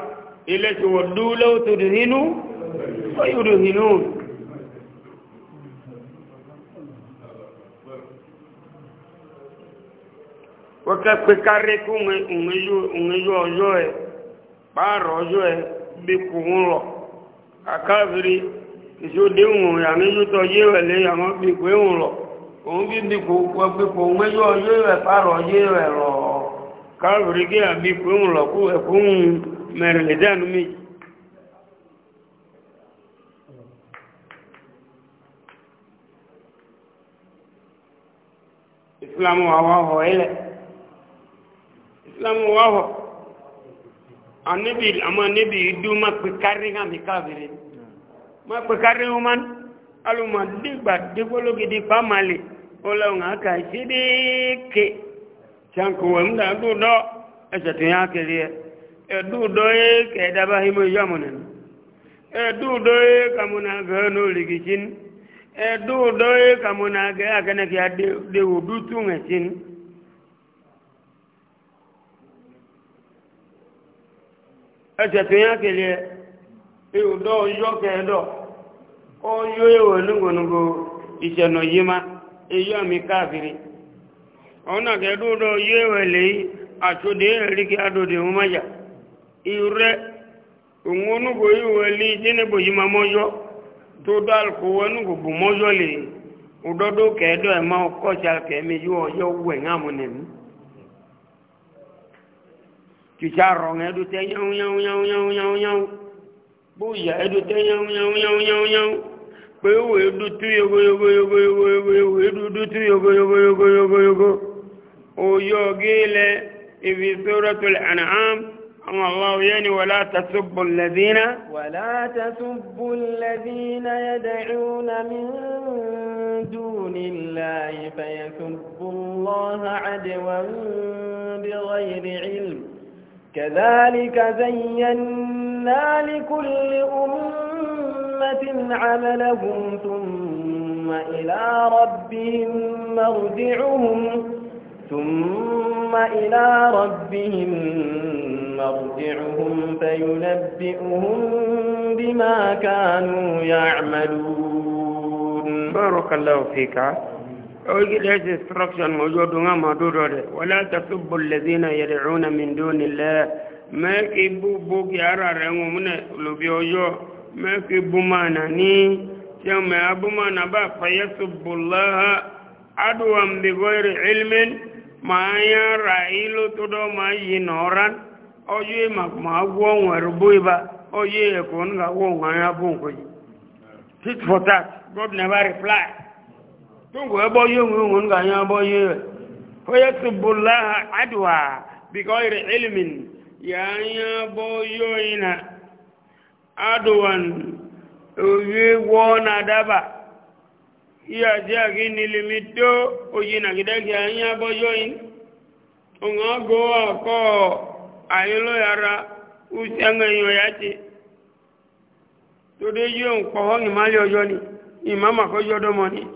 ilẹ̀ tí wọ́n dúlé ó tó dìhínú ó yóò dìhínú wọ́kẹ́ pé kárí kú ǹyọ́ ọjọ́ ẹ̀ pààrọ̀ ọjọ́ ẹ̀ bí kò ń lọ àkáàbìrì ìṣòdé òun ìyàmí yútọ̀ yé rẹ̀ lé àmọ́ bí pé òun rọ̀ òun bí bí kò pọ̀ pé kò ń mẹ́yọ́ yé rẹ̀ pààrọ̀ yé rẹ̀ rọ̀ káàkiri kí àbí pé òun rọ̀ kú ẹ̀kún mẹ́rìnlẹ́dánú méjì islamu awaho ile islamu awaho anibi ama nibi iduma pikari nga mikaviri ma kpekari woman aluma digba digbolo di pamali wọlé wọn aka sidiki sanko wọn da du dɔ ɛsɛ tun y'a kele yɛ ɛdu dɔ ye e kɛ daba himo yamu nana e ɛdu dɔ ye kamuna gɛ n'o ligi sini ɛdu e dɔ ye kamuna gɛ akɛnɛ kia dewu dutu ŋɛ sini. ɛsɛ tun y'a kele yɛ. eu dɔ yɔ kɛɛ dɔ ko yo ye wo ne kɔni ko ijɛnɔ yima eyɔ mi kaafiri ɔ na kɛ du dɔ yo ye wo leyi a co de ye riki a do de o ma ja irɛ o ŋo nu ko yi wo li ne ne bo yima mɔjɔ to do al ko wo nu ko bu mɔjɔ le o dɔ do kɛɛ dɔ ye ma o kɔsi al kɛɛ mi yɔ yɔ wɛ ŋa mo nɛmi tutsa rɔŋɛ do tɛ nyawu nyawu nyawu nyawu nyawu nyawu. bóyá ẹdù tẹ́ yánwúyánwúyánwúyánwú pé wò édú tú yogo édú dú tú o òyò gílẹ̀ ibi sórọ́tòlì ànàám أما الله يعني ولا تسب الذين ولا تسب الذين يدعون من دون الله فيسب الله عدوا بغير علم كذلك زينا جعلنا لكل أمة عملهم ثم إلى ربهم مرجعهم ثم إلى ربهم مرجعهم فينبئهم بما كانوا يعملون بارك الله فيك أوجد هذه instruction موجود ما دورة ولا تسبوا الذين يدعون من دون الله mẹ́kì bú bókì ara rẹ̀ ń múnẹ̀ lòbí ọjọ́ mẹ́kì búmọ̀nà ní jẹ́mẹ̀ abúmọ̀nà bá fayẹ́sù bùláhà adùwàm bìgọ́rì ilmin máa ń yára ìlú tó dọ́ máa yìí nọ́ọ̀rán ọjọ́ ìmàkùnmá wọ́n wẹ̀rù bó ibà ọjọ́ ẹ̀kọ́ nígbà wọ́n wọ́n yá bó nǹkan yìí sit for that God never reply tó ń ẹ bọ́ yóò wọ́n yá bọ́ bùláhà yanya bo yoina aduwan oye wona daba iya je agi nilimito oyina gidagi anya bo yoin onga go ko ayolo yara usanga yo yati tode yo ko hongi mali ojo ni imama ko jodo moni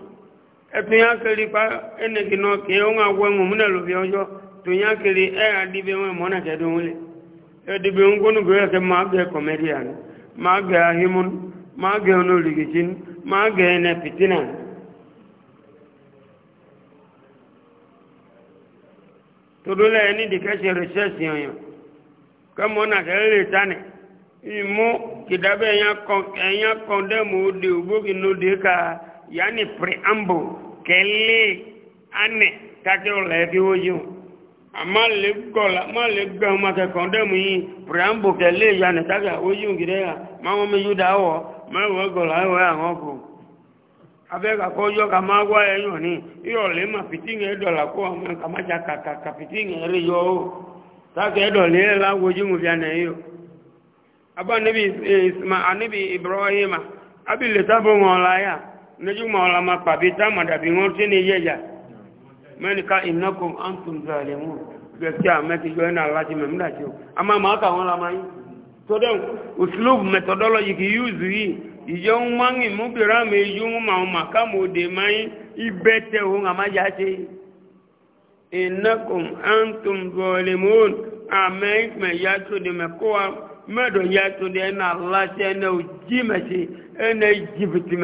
ẹtun ya kiri pa ẹnẹgì náà kí ẹ ń wá wọ ẹ̀wọ̀n múnà ọjọ́ tun ya kiri ẹ àdìbẹ wọn mọ́nà kẹdùn lẹ̀ edibi ngunu goyo ke mage comedian mage ahimun mage onuligichin mage ne pitina tudule ni dikashe research yoyo kama na kele tane imu kidabe ya kon ya condemn odi ubugi no deka yani preamble kele ane kake ole ki ojo ama le gɔla ma le gɛn ma kɛ kɔndɛmu yi preambo kɛ le ya ne ta kɛ o yi ŋgire ya mi yuda wɔ ma wɔ gɔla wɔ ya ŋɔ ko abe ka kɔ yɔ ka ma wɔ yɛ yɔ ni yɔ le ma piti ŋɛ dɔ la ko ɔmɛ ka ma dza ka ka ka piti ŋɛ re yɔ o ta kɛ dɔ le yɛ la wo ibrahim abi le la ya ne ju ma ɔla ma kpa bi ta ma dabi ŋɔ gaskiya mẹ́tijọ́ iná láti mẹ́mídà tí ó a máa máa kàwọn lámá yìí tó dẹ̀ òsìlóòbù methodology kì yíò zù yìí ìjọ ń mú mi ń ma ká mo dè máa yín ibẹ̀ tẹ̀ òun àmá yá ṣe ìnákùn antum àmẹ́ ìpẹ́ yá tó wa mẹ́dọ̀ yá tó ẹ̀nà òjì ẹ̀nà jìbìtì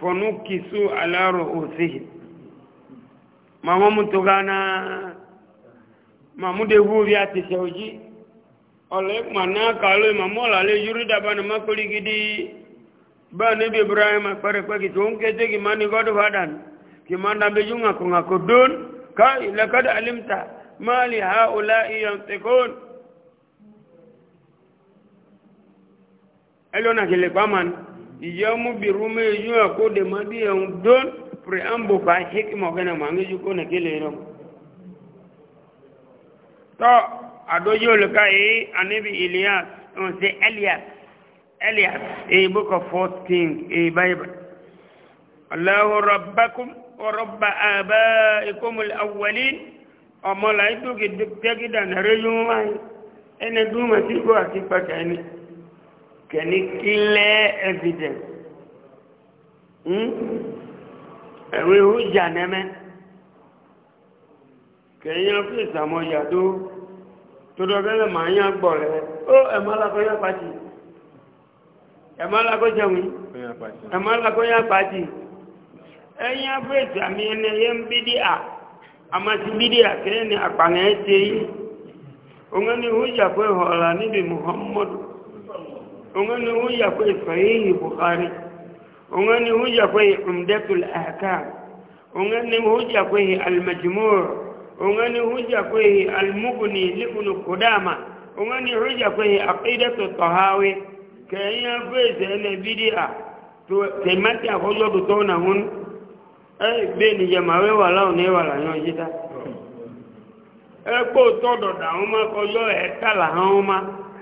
fọnúkìsú aláàrọ̀ òsì màmú tó gánà màmú dégú rí àti ṣẹ̀wòjí ọ̀lẹ́kùnmà náà kàálò màmú ọ̀làlẹ́ yúrídà bá ní mákòrí gidi bá níbi ibrahim pẹ̀rẹ̀pẹ̀kì tó ń kété kì má ní godfather kì má dábé yún àkùnàkù dún ká ìlẹ́kọ́dà alimta máa lè ha ọ̀lá ìyàn tẹ̀kọ́ọ̀nù ẹlọ́nà kìlẹ̀ iyamu bi rume yuwa ko de madi yan don preambo ba hikima gana ma ngi ko na kele ro to ado yo le kai anabi elias on se elias elias a e book of 14 a e bible الله ربكم ورب آبائكم الأولين أما لا يدوك الدكتة كده نرجو معي أنا دوما تيكو أكيد فكاني kẹni clear evidence hmm? ẹ̀rọ ihu jà nẹ́mẹ́ kẹyìn ọ́fíìsì àmọ́ yàtọ̀ tó dọ́gẹ́lẹ̀ máa ń yàn rẹ̀ ó ẹ̀mọ́ pàtì ẹ̀mọ́ alákọ̀ pàtì ẹ̀yìn ọ́fíìsì àmì ẹni ẹ̀yẹ ń bídí à ti bídí ni àpàlẹ́ ẹ̀ ṣe yìí ni ihu jà fún ìhọ̀ọ̀là níbi muhammadu ungani huja kwa sahihi bukhari ungani huja kwa umdatul ahkam ungani huja kwa almajmu' ungani huja kwa almughni libn qudama ungani huja kwa aqidatu tahawi kaya fese ne bid'a to temati akojo dutona hun eh beni jamawe wala one wala nyojita ẹgbẹ́ òtọ́dọ̀dà àwọn ọmọ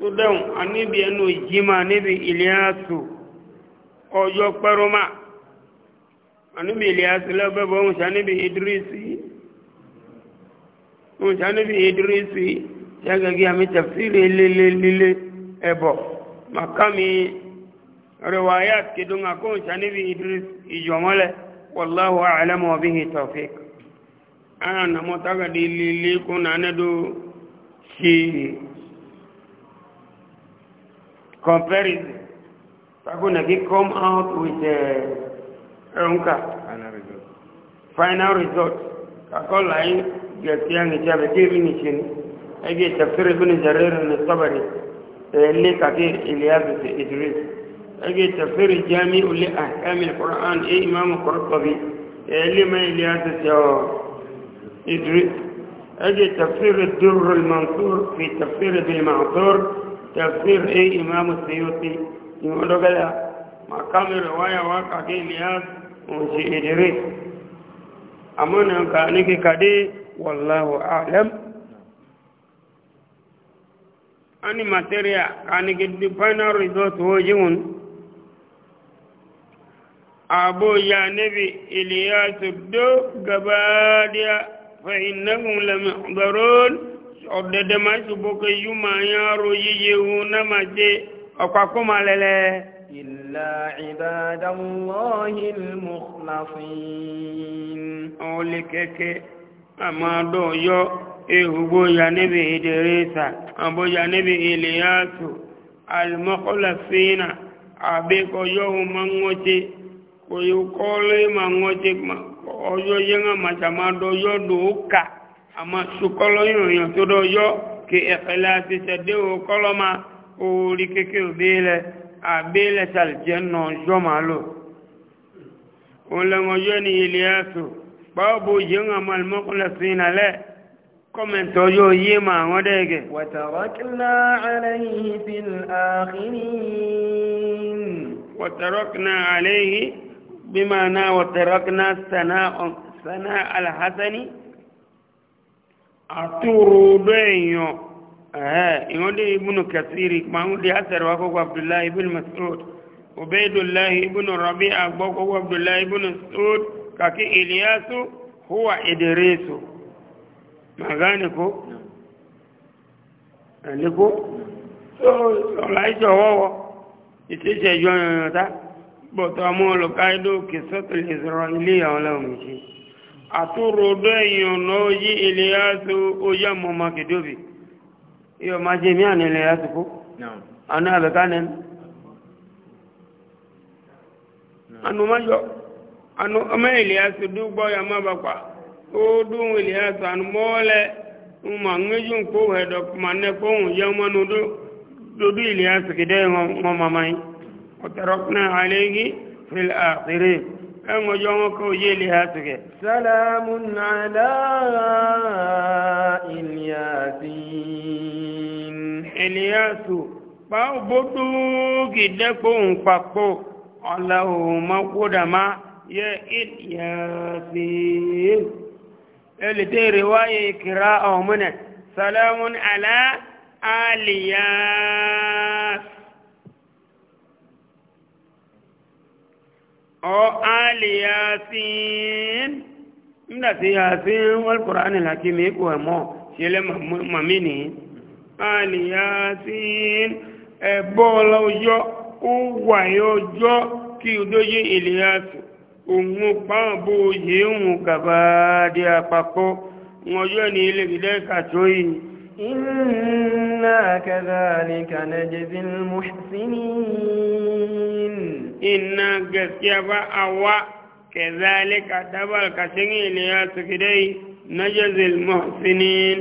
tó dẹ̀hùn aníbi ẹnu ìjímà níbi ìlíàsù ọjọ́ pẹ́rọmà aníbi ìlíàsù lẹ́bẹ̀bọ̀ ń sàníbi ìdírísì ń sàníbi ìdírísì ṣẹ́gẹ́gẹ́ àmì tẹ̀fìrì lílé ẹ̀bọ̀ màkàmì rẹwàyàt kìdún àkóhùn sàníbi ìdírísì ìjọmọ́lẹ̀ wàláhù àlẹ́mọ̀ bí i tọ̀fík ana namọ́tàgàdì lílé kún nánẹ́dó ṣe comparison takunaki come out with ẹ̀rùnkà uh, final result kakọ́lá yìí gẹ̀ẹ́sì yà nìjà bẹ̀ kí ìrìn ìṣe ni ẹgbẹ́ ìtàkùrẹ́ bí nìjàrẹ́ rẹ̀ ní sọ́bàrì ẹ̀lẹ́ kàkí ilẹ̀ àbẹ̀sẹ̀ ìdírí ẹgbẹ́ ìtàkùrẹ́ jami olè àkàmì kọ́ran ẹ̀ ìmáàmù kọ́rọ́kọ́bí ẹ̀lẹ́ mẹ́ ilẹ̀ àbẹ̀sẹ̀ ìdírí ẹgbẹ́ ìtàkùrẹ́ dúró mọ̀nsúr fi ìtàkùrẹ́ bí mọ̀nsúr تفسير اي امام السيوطي يقول قال مقام رواية واقع كي الياس وشي ادريس امانا كانك كدي والله اعلم اني ماتيريا كانك دي فاينل ريزولت هو جون ابو يا نبي الياس الدو قباديا فانهم لمحضرون ọdẹ dẹmà ṣubú kò yíò ma yán ro yíyé wu náà ma ṣe ọkọ kó ma lẹlẹ. ilà ìdádámọ́hìn mùkànláfín. ọlẹ kẹkẹ amadu yọ ehugbo yanibi idirisa abo yanibi iliyatu alimọkọlafina abeko yọhu mangote kò yọ kọlẹ mangote ọyọ yẹn ma ṣe amadu yọ dùn ka. àmọ́ ṣùkọ́lọ́ ìròyìn tó dọ́jọ́ kí ẹ̀fẹ̀lẹ́ àti ṣẹ̀dẹ́ òkọ́lọ́mà orí kéèké òbílẹ̀ àbílẹ̀ ṣàlìjẹ́ náà jọ́ máa lò olóńgọjọ́ ní ilé ẹ̀sùn pàábò yíyan àmàlùmọ́kùnlẹ̀ sí ìnàlẹ̀ aturudo èèyàn ẹ̀hẹ́ ìwọ́n dé ibùnú kẹsìrì pàmò dé àtẹ̀rẹ̀ wá kókó abdullahi ibn masoud obeidullahi ibn rabi agbọ́ kókó abdullahi ibn masoud kàkí iliyasu huwa idirisu magani ko ẹ̀lẹ́kọ́ tó ọ̀la ìṣọ̀ wọ́wọ́ ìṣẹ́ṣẹ́ ìjọ yọ̀nyọ̀ta bọ̀tọ̀ amú ọlọ́kàídó kìsọ́tò lè sọ̀rọ̀ ilé àwọn ọlọ́run ṣe àtúròdó èyàn náà yí ilé yásó ó yá mọ́ ma kìdóbi yíò máa jẹ mí àní ilé yásó kó àná àbẹ̀ká nẹ́nu ànú má yọ ànú ọmọ ilé yásó dúgbọ́ ya má bà pa ó dún ilé yásó ànú mọ́ọ́lẹ̀ ń mà ń méjì ń kó ẹ̀dọ̀ mà ní kó ń yẹ ọmọ nu dúdú ilé yásó kìdẹ́ wọn mọ́ màmá yìí ọ̀tẹ̀rọ̀ náà àlẹ́ yìí fìlà àkìrẹ́ ẹ̀wọ̀n yọ wọn kó yé lè ha tìkẹ̀. sálámù nàlá ìlíyàsín. ìlíyàsù báwo bódú kì dẹ́kun papọ̀ ọ̀làwọ̀ mọ́kúdà má yẹ ìlíyàsín. ẹlẹ́tẹ̀ wáyé kíra ọ̀mọ́nẹ̀ sálámù nàlá àlìyàsín. أو آل ياسين مدى ياسين والقرآن الحكيم يقوى مو شيل مميني آل ياسين بولا وجو uwa yojo kí odóyé ìlíyàtò òun pàwọn bó yé òun gàbá dé àpapọ̀ wọn yóò ní ilé ìdílé kàtó yìí. إنا كذلك نجزي المحسنين inna gaskiya fa awa kezalika dabal ka seŋiili ya sikidai najazil muhsinin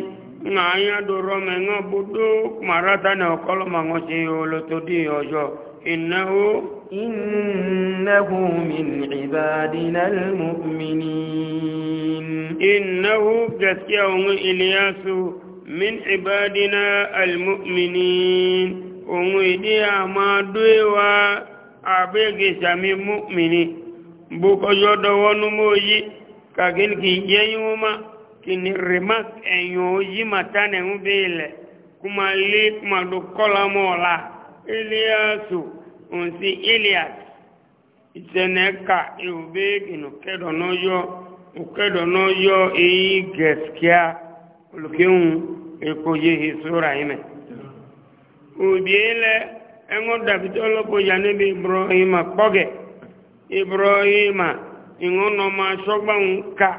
nga anya doro me ŋo budu marata ne okoloma ŋo seyolo todi yojo innahu innahu min ibadina almuminin innahu gaskiya oŋo iliyasu min ibadina almuminin oŋo idi ama duwe wa abege sami mu'mini buko yodo wonu moyi kagin ki yeyuma kini ma enyo yi matane ubele kuma li kuma do kola mola iliasu unsi ilias iseneka iubegi no kedo no yo ukedo no yo ẹ̀ngọ́ dàbí tó lọ́pọ̀ yà níbi ibrahima kpọ́gẹ̀ ibrahima ìwọ́n nọ máa sọ́gbọ́n ká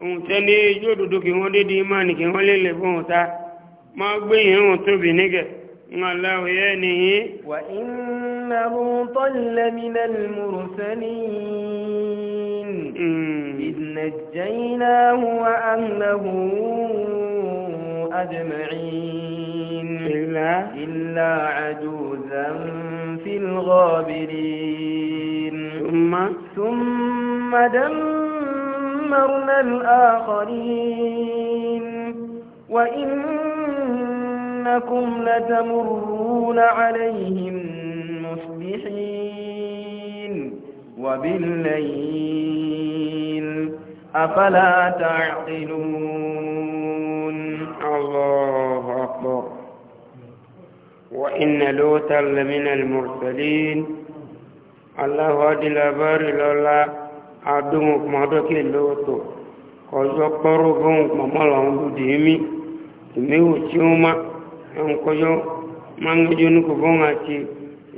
òun tẹ́ni yóò dúdú kí wọ́n dédé imáni kí wọ́n lélẹ̀ fún ta máa gbé yẹn òun tóbi nígẹ̀ ń aláwọ̀ yẹ́ nìyí. wà ìnáwó tọ́lẹ̀mínà mùrùsẹ́ni ìdìnnàjẹ́yìnà wà áńlẹ̀hùn àjẹmẹ̀rin. إلا إلا عجوزا في الغابرين ثم ثم دمرنا الآخرين وإنكم لتمرون عليهم مصبحين وبالليل أفلا تعقلون الله أكبر وإن لوطا لمن المرسلين الله أدل باري لولا أدومك مدوك لوطو kọjọ kpọrọ bọ́n pàmọ́lọ̀ àwọn òdì èmi ìmíwò tí ó má ẹn kọjọ mangẹjọ nukú bọ́n àti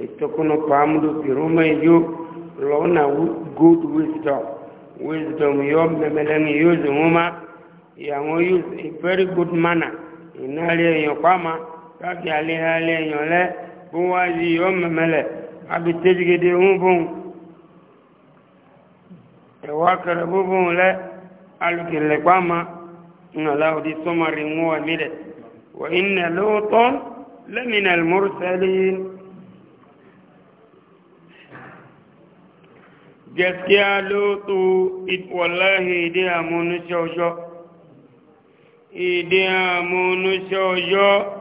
ìtọ́kùnà pàmùdù pìrọ́mà ìjó lọ́nà good wisdom wisdom yọ mẹ́mẹ́lẹ́ni yóò zùn ó má ìyàwó yóò a very good manner ìnáàlẹ́ èèyàn pàmà kaki ale ale nyɔlɛ bó wá yi yɔ mɛmɛ lɛ abi tedzigede ŋu bon ɛwɔ akɛrɛ bó bon lɛ alu kele kpa ma ŋɔlɛ o di sɔmari ŋu wa mi dɛ wa ina lɛ o tɔ ìdí àmúnusẹ ìdí àmúnusẹ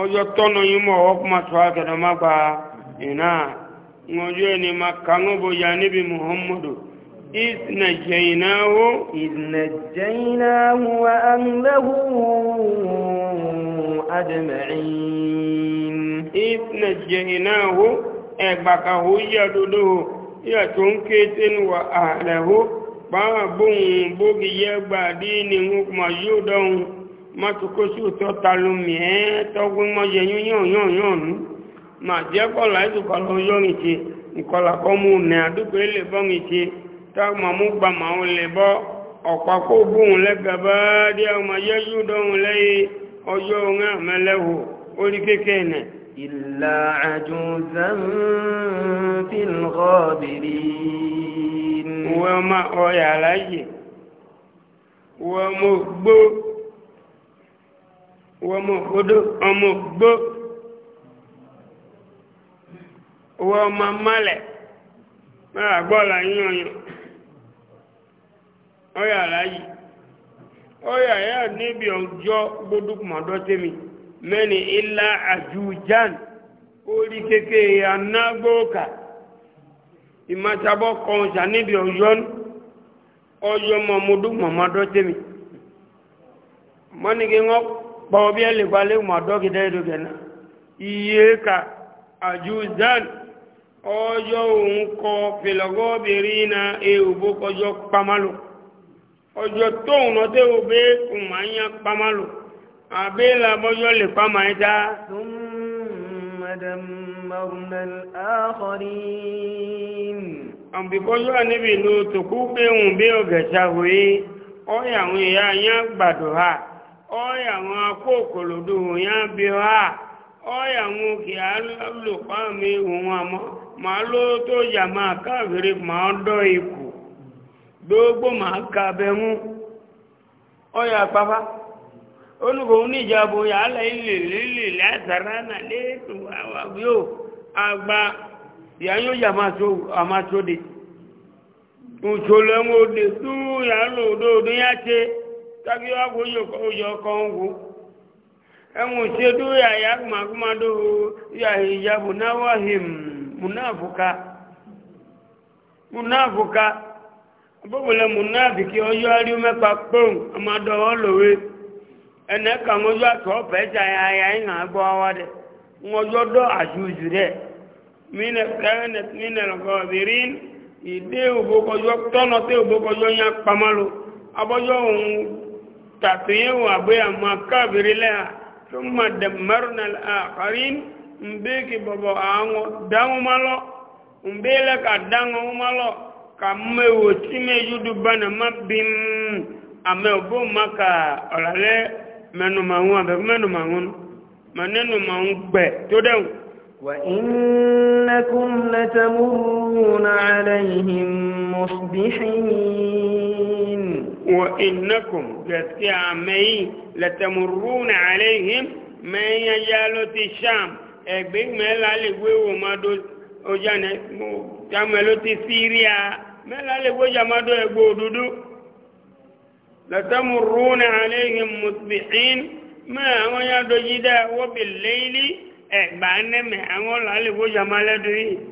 ọjọ́ tọ́nà yìí mọ̀ ọkùn máa tó àkẹ́dọ̀ má gba ìná ọjọ́ ẹni ma kàánú bóyá níbi muhammadu ìsìnàjẹ̀yìnáwó ìsìnàjẹ̀yìnáwó wa amúlẹ́hù adẹ̀mẹ̀rin ìsìnàjẹ̀yìnáwó ẹgbàkàwó yàdódó yàtò ń ké tẹ́nu wa ààrẹ̀hó pàápàá bóhùn bógi mọ́tukọ́sù tó talu mìẹ́ tọ́gbọ́n mọ́jẹ yún yàn yàn nù mà jẹ́ kọ́lá ìdùkọ́ lọ yọrin ṣe nkọ́lá kọ́ mú nẹ àdúgbò ilé bọ́ mi ṣe tá màmú gba màmú lè bọ́ ọ̀pá kó bóun lẹ́gàá bá dé ọmọ yẹ́jú dọ́hùn lẹ́yìn ọjọ́ òun àmẹ́lẹ́wò orí kéèké nẹ̀. إلا عجوزا في الغابرين وما أوي علي ومقبو ọmọ ògbódó ọmọ ògbó owó ọmọ mọ́lẹ̀ mẹ́ra gbọ́ọ̀lá yíyan ọyà láyì ọyà yà níbi ọjọ́ gbódú mọ̀dọ́ tẹ́mi mẹ́ni ilá àjújàn orí kékeré anágbóòkà ìmọ̀tàbọ̀ kan níbi kpọọ bịa lekwale ma dọkịta edo kena iye ka ajuzan ọjọ́ òun kọ na èèbó kọjọ́ pamalo ọjọ́ tóun náà tẹ́ o bẹ́ kùmà ń yan làbọ́jọ́ lè pamà ẹ̀ dá. àbíkọ́jọ́ àníbi ló tòkú pé òun bí ọ̀gẹ̀ṣà wòye ọ̀yà àwọn yẹn ọya wọn akó òkòlòdó ya bí ha ọya wọn kì á lò pàmì wọn ma ló tó yà máa ma dọ́ ikù gbogbo ma ka ọya pápá olùkọ́ oníjàbò yàálẹ̀ ilẹ̀ lílẹ̀ látara náà àwàbíò àgbà yàáyó yà máa tó òṣòlẹ́wọ̀n tó tagi agwo oyo kongwu enwe chedu ya ya agụmagụmadụ ya ya bụ nawahim munafuka munafuka bọ́bọ̀lẹ̀ munafiki ọjọ́ arí mẹ́pa kpọ́n amadọ́ ọlọ́wé ẹnẹ ka ŋọjọ́ àtọ́ pẹ́ẹ́jà ya ya ìhàn gbọ́ wa pamalo tàtúnyẹ̀wò àbẹ́ àmọ́ káàbìrì lẹ́yà tó mọ̀ dẹ̀mẹ́rùnà àkàrí ń bí kí bọ̀bọ̀ àwọn dáhùn má lọ ń bí lẹ́ka dáhùn má lọ ka mẹ́wò tí méjì dùbà nà má bí ń àmẹ́ òbó má ka ọ̀làlẹ́ mẹ́nùmọ̀ àwọn àbẹ̀kú mẹ́nùmọ̀ وإنكم جسكي مي لتمرون عليهم من يجالة الشام أبيك ملالي ويو مادو أجانا تعملوا سيريا ملالي ويو مادو أبو دودو لتمرون عليهم مصبحين ما هو يدو جدا وبالليل أبانا ما هو لالي ويو مالدو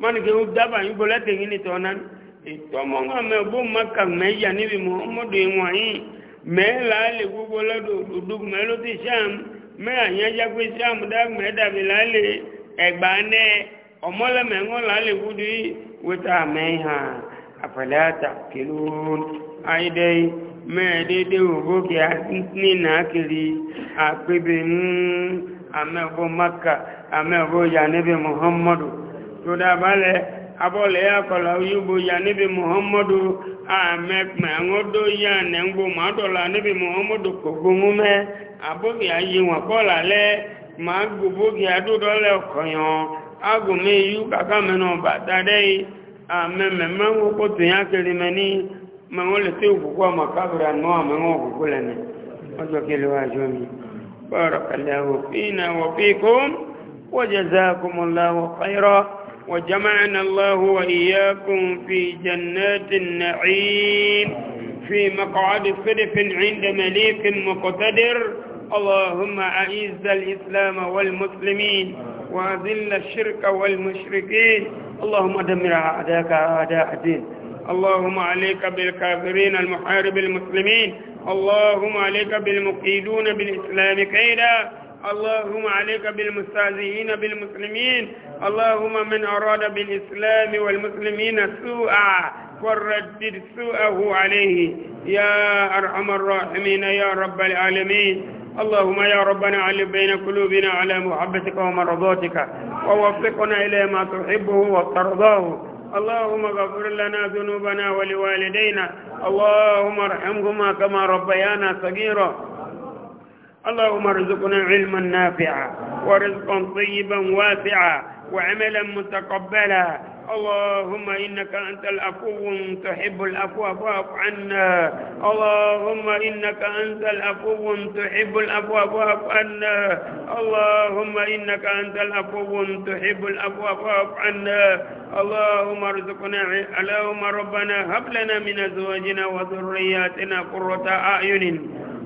mọ́nìkì ó dábàá yín gbọ́lẹ́ tèyí ní tọ́ náà ìtọ́mọ́ wọn mẹ́ bó mẹ́ka mẹ́yà níbi mọ́mọ́dé wọn yìí mẹ́la lè gbogbo lọ́dọ̀ òdòdó mẹ́ló ti sáàmù mẹ́ àyànjá pé sáàmù dá lálẹ́ ẹ̀gbà náà ọmọlẹ́mẹ̀ lálẹ́ gbúdú wíta mẹ́hà àfẹ́lẹ́ àtàkìlú ayédè mẹ́ẹ̀ẹ́dẹ́dẹ́ ògbó kiri yà níbi tụdabalị abọlị ya kọla ah, ya n'ebe muhammadu amekpe aṅụdo ya na mgbo ma muhammadu kogonwume abụghị ayinwa kọla le ma agụbụghị adụdọle ọkọnyọ agụme iyu kaka mena ọbata dei ameme ah, mmanwụ ya kiri meni mmanwụ leta okwukwe maka بارك الله فينا وفيكم وجزاكم الله خيرا وجمعنا الله وإياكم في جنات النعيم في مقعد صدق عند مليك مقتدر اللهم أعز الإسلام والمسلمين وأذل الشرك والمشركين اللهم دمر أعداءك أعداء الدين اللهم عليك بالكافرين المحارب المسلمين اللهم عليك بالمقيدون بالإسلام كيدا اللهم عليك بالمستهزئين بالمسلمين اللهم من أراد بالإسلام والمسلمين سوءا فردد سوءه عليه يا أرحم الراحمين يا رب العالمين اللهم يا ربنا علم بين قلوبنا على محبتك ومرضاتك ووفقنا إلى ما تحبه وترضاه اللهم غفر لنا ذنوبنا ولوالدينا اللهم ارحمهما كما ربيانا صغيرا اللهم ارزقنا علما نافعا ورزقا طيبا واسعا وعملا متقبلا اللهم إنك أنت العفو تحب العفو فاعف عنا اللهم إنك أنت العفو تحب العفو فاعف عنا اللهم إنك أنت العفو تحب العفو فاعف عنا اللهم ارزقنا اللهم ربنا هب لنا من أزواجنا وذرياتنا قرة أعين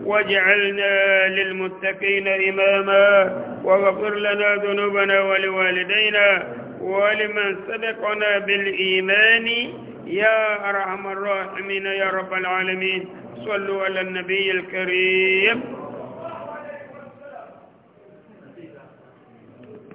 واجعلنا للمتقين إماما واغفر لنا ذنوبنا ولوالدينا ولمن سبقنا بالإيمان يا أرحم الراحمين يا رب العالمين صلوا على النبي الكريم